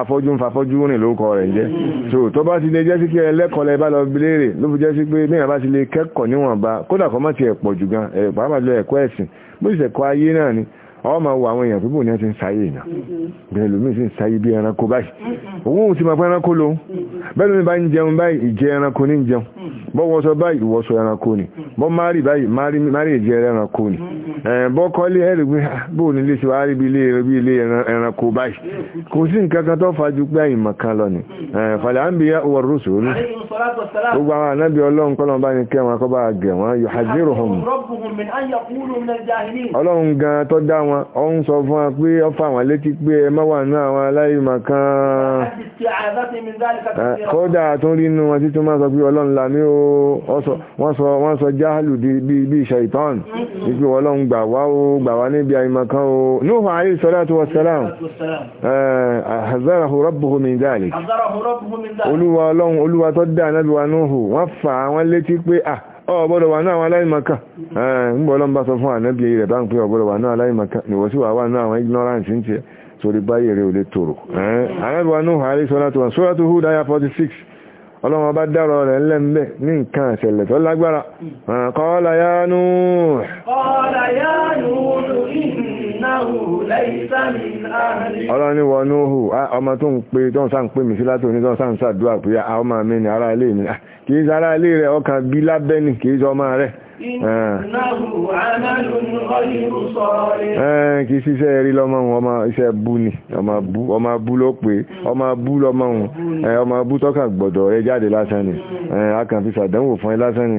[SPEAKER 2] afọ́jú ń fafọ́jú rìn ló kọ rẹ̀ jẹ́ so tó bá ti lè jẹ́ sí kí ẹlẹ́kọ̀ọ́ lẹ́ bá lọ léèrè ló fi jẹ́ sí pé mẹ́rin bá ti lè kẹ́kọ̀ọ́ níwọ̀nba kódà kọ́ mọ́ ti ẹ̀pọ̀ jù gan pàápàá lọ ẹ̀kọ́ ẹ̀sìn bó sì ṣẹ̀kọ́ ayé náà ni ọ ma wo àwọn èèyàn pípò ní ẹ ti ń sáyé èèyàn bẹ́ẹ̀ lómi sì ń sáyé bí ẹranko báyìí máa ẹranko bẹ́ẹ̀ lómi bá ń jẹun báyìí ìjẹ ẹranko ní jẹun bọ́ báyìí ẹranko ni bọ́ márì báyìí márì ìjẹ ẹranko ni bọ́ kọ́lé ẹ̀rì pé ah, bó ní ṣe wá rí bí ilé ẹranko báyìí kò sí nǹkan kan tó pé àyìnmọ̀ kan lọ ni falẹ̀ à ń bi wọn ọ ń sọ fún wa pé ọ fà wọn létí pé ẹ má wà ní àwọn aláìmọ̀ kan kódà tó rí inú wọn títí máa sọ pé ọlọ́run là ní o wọ́n sọ jáàlù bí iṣẹ́ ìtọ́n mm-hmm. wípé ọlọ́run gbà wá o gbà wá níbi àìmọ̀ kan o Nuhu alayhi salatu wassalam hazarahu rabbuhu min dhalik olúwa ọlọ́run olúwa tó dá náà bí wa Nuhu wọ́n fà wọn létí pé ah ọ̀bọ̀dọ̀ wà náà àwọn aláìmọ̀ká ǹgbọ́lọ́mbá sọ fún ànábì rẹ̀ bá ń pè ọ̀bọ̀dọ̀ wà náà aláìmọ̀ká níwọ̀ sí wà wà náà àwọn ignorance ń tiẹ̀ sórí báyìí rẹ̀ ò lè tòrò anábì wa Nuhu alayhi salatu wa suratu Hud aya 46 ọlọ́wọ́ bá dárọ rẹ̀ lẹ́m̀bẹ̀ ní nǹkan ìṣẹ̀lẹ̀ tó lágbára kọ́ọ̀lá yá nù ọlọ́ni wọnú hù ọmọ tó ń pè tó ń sáà ń pè mí sí látò ní tó ń sáà ń sàdúwà pé ọmọ mi ni ará ilé mi ah, kìí sára ilé rẹ̀ ọkàn bí Eh,
[SPEAKER 1] eh,
[SPEAKER 2] kì í ṣiṣẹ́ rí lọ́mọ wọn ọmọ iṣẹ́ bú ni ọmọ bú ló pé ọmọ bú lọ́mọ wọn eh, ọmọ bú tọ́kà gbọ́dọ̀ rẹ jáde lásán ni a fi ṣàdánwò fún ẹ lásán ni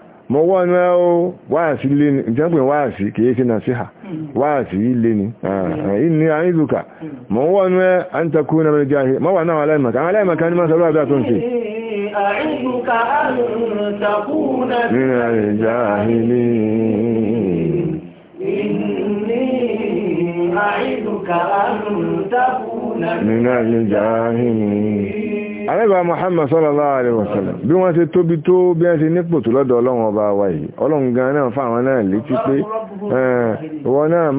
[SPEAKER 2] mọ́ wọ́n ní ó wáàsí lé ní ìjẹ́pẹ̀ wáàsí kìí sí nàṣíhà wáàsí lé ní hmm. ah, hmm. ní àìzùkà mọ́ wọ́n ní àǹtakú na mẹ́rin jáhì mọ́ wà náà aláìmọ̀ká aláìmọ̀ká ní mọ́sàlọ́ àbẹ́ àtún sí
[SPEAKER 1] Àìzùkà àrùn takú
[SPEAKER 2] àrẹ́bà Muhammad sallallahu alaihi wasallam bí wọ́n ṣe tóbi tó bí wọ́n ṣe nípò tó lọ́dọ̀ ọlọ́run ọba wa yìí ọlọ́run gan náà fún àwọn náà létí pé wọ́n náà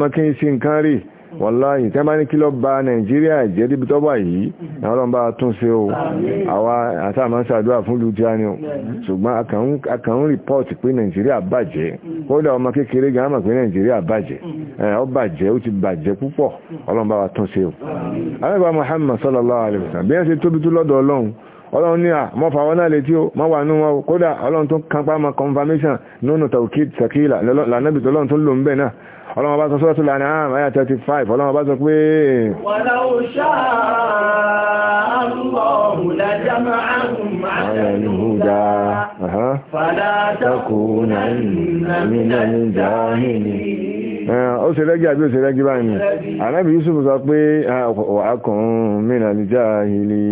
[SPEAKER 2] máa náà wọ́láyìn tí a bá ní kí lọ bá nàìjíríà jẹ́ díbi tọ́bà yìí àwọn bá tún ṣe o àwa àtàmà ń ṣàdúrà fún lù tíá ni o ṣùgbọ́n akàún rìpọ́ọ̀tì pé nàìjíríà bàjẹ́ kódà ọmọ kékeré gan mọ̀ pé nàìjíríà bàjẹ́ ọ bàjẹ́ ó ti bàjẹ́ púpọ̀ ọlọ́run bá wa tún ṣe o alẹ́bàá Muhammad sallallahu alaihi wasallam bí wọ́n ṣe tóbi tó lọ́dọ̀ ọlọ́run ọlọ́run ní à mọ́ fàwọn náà lè tí ó mọ́ wà ní wọn kódà ọlọ́run tó kápá mọ́ confirmation nínú tàwíkì sàkílà lànàbìtọ́lọ́run tó lò ń ọlọ́wọ́ bá sọ Suratul An'am àyà 35 ọlọ́wọ́ bá sọ pé walau sha'a Allahu lajama'ahum al-huda fala takunanna minal jahilin ó ṣe rẹ́gí àbí ó ṣe rẹ́gí báyìí ni anábì Yusuf sọ pé wàákùn mìíràn jáhìlì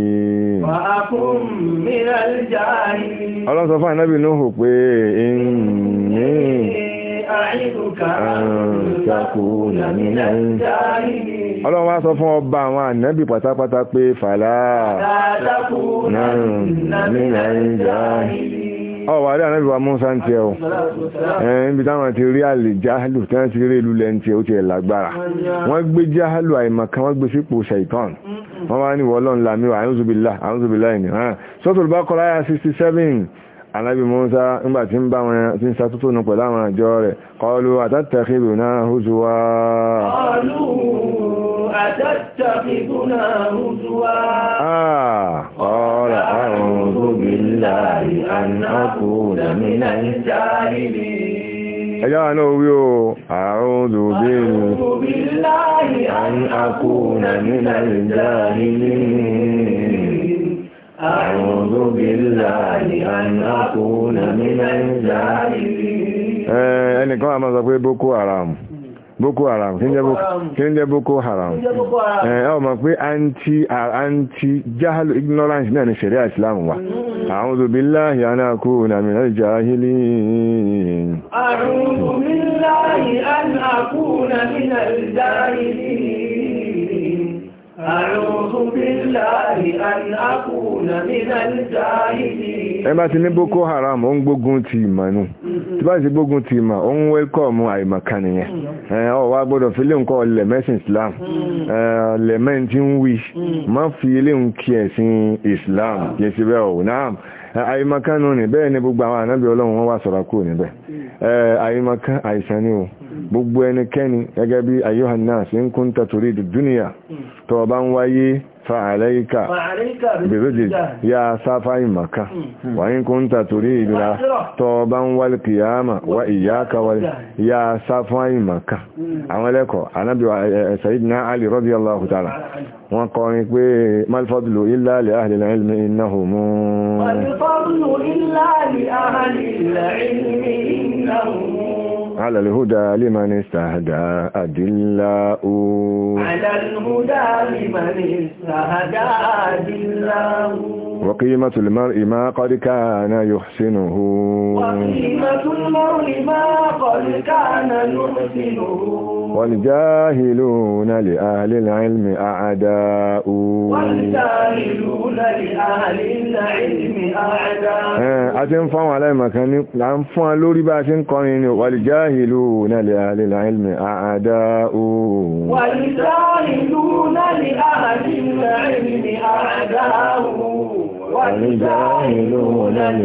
[SPEAKER 2] ọlọ́sọ fún anábì Nuhu ọlọ́run wá sọ fún ọba àwọn ànábì pátápátá pé fàlá ọwà rí ànábì wa Mùsá ń tẹ́ ọ ẹ̀ẹ́bí táwọn ti rí àlè jáhálù tí wọ́n ti rí ìlú lẹ́ntì ó ti ẹ̀ lágbára wọ́n gbé jáhálù àìmọ̀kan wọ́n gbé sípò ṣàìtàn wọ́n wá ní wọ́lọ́n lámíwà àrùzùbìlá àrùzùbìlá ìní sọ́tòlùbá kọ́láyà 67 anábì Musa nígbà tí ń bá wọn tí ń sàtútù nù pẹ̀lú àwọn àjọ rẹ̀ kọlu àtàtàkìdùnà hùzùwà kọlu àtàtàkìdùnà hùzùwà ọ̀rọ̀ àwọn olóbìnlá ìhànàkù lẹ́mìnà
[SPEAKER 1] ìjáìlì
[SPEAKER 2] ẹjọ́ wa náà wí o àrùn òbí
[SPEAKER 1] láàrín
[SPEAKER 2] àkóhùn àmìnà ìjáìlì
[SPEAKER 1] أعوذ بالله أن أكون من
[SPEAKER 2] الجاهلين ẹnìkan àmọ́ sọ pé Boko Haram Boko Haram kí boko jẹ́ Boko Haram ẹ ọ mọ̀ pé anti anti jahalu ignorance náà ni ṣẹ̀ríà Islam wa أعوذ بالله أن أكون من الجاهلين أعوذ بالله أن أكون من
[SPEAKER 1] الجاهلين أعوذ بالله أن أكون من الجاهلين ẹ
[SPEAKER 2] bá ti ní boko haram ó ń gbógun ti ìmọ̀ nù tí bá ti gbógun ti ìmọ̀ ń àìmọ̀kan nìyẹn ọ wá gbọ́dọ̀ fi lè nǹkan islam fi lè islam ṣe bẹ́ẹ̀ náà àìmọ̀kan nù ní bẹ́ẹ̀ ni gbogbo àwọn ànábì ọlọ́run wọn wá gbogbo ẹnikẹ́ni gẹ́gẹ́ bí ayyuhan nas in kunta turidu duniya tó bá ń wáyé fa'alaika bèrèdè ya sáfá ìmaka wa in kunta turidu la tó bá ń wal kìyàmà wa iyyaka wal ya sáfá ìmaka àwọn ẹlẹ́kọ̀ọ́ anábíwa sayyidina wọ́n kọrin pé malfadlu illa li ahli al-ilmi innahu mu
[SPEAKER 1] malfadlu illa li
[SPEAKER 2] على الهدى لمن استهدى أدلاء على
[SPEAKER 1] الهدى لمن استهدى أدلاء
[SPEAKER 2] وقيمة المرء ما قد كان يحسنه وقيمة
[SPEAKER 1] المرء ما قد كان يحسنه
[SPEAKER 2] والجاهلون لأهل العلم أعداء a ti ń fáwọn aláìmọ̀kan ní à ń fún a lórí bá ṣe ń kọrin ní waljahiluna li ahlil ilmi a'da'u waljahiluna li ahlil ilmi
[SPEAKER 1] a'da'u والجاهلون لعن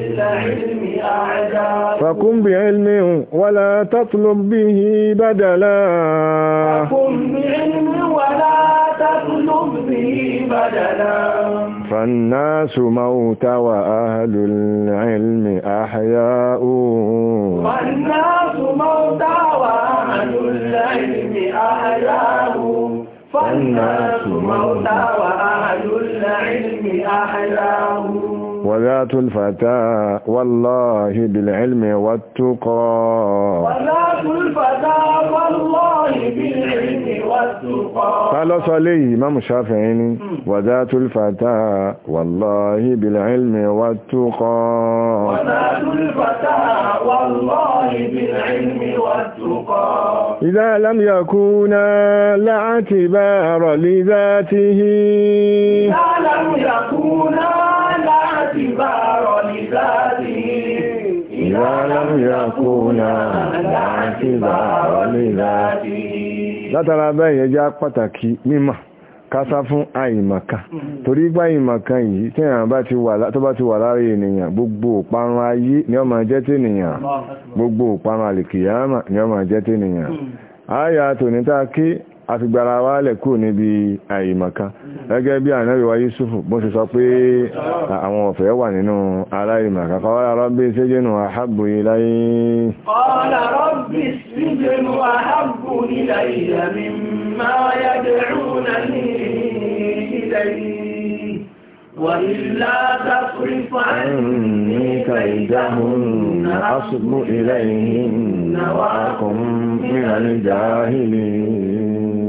[SPEAKER 1] العلم أعداء فقم
[SPEAKER 2] بعلم ولا تطلب به بدلا فقم بعلم فالناس موت وأهل العلم أحياء
[SPEAKER 1] فالناس موت وأهل العلم أحياء فالناس موتى وأهل العلم أحياء
[SPEAKER 2] وذات الفتى والله بالعلم والتقى وذات
[SPEAKER 1] الفتى والله بالعلم والتقى
[SPEAKER 2] قال صلي امام الشافعي وذات الفتى والله بالعلم والتقى وذات الفتى والله بالعلم والتقى إذا لم يكونا لا اعتبار لذاته إذا
[SPEAKER 1] لم يكونا اعتبار لذاته
[SPEAKER 3] إذا لم يكون لا
[SPEAKER 2] látara bẹ́ẹ̀ jẹ́ pàtàkì mímọ̀ kásá fún àìmọ̀kan torí gbá yìí tí èyàn bá ti wà lára ènìyàn gbogbo òparun ayé ni gbogbo òparun ni jẹ́ tí àfigbàra wá lẹ̀kú níbi àìmọ̀kan gẹ́gẹ́ bí ànábì wa Yusufu bó ṣe sọ pé àwọn ọ̀fẹ́ wà nínú aláìmọ̀kan qala rabbi sijnu ahabbu ilayya
[SPEAKER 1] وإلا تصرف
[SPEAKER 2] عني كيدهن أصب إليهن وأكن من الجاهلين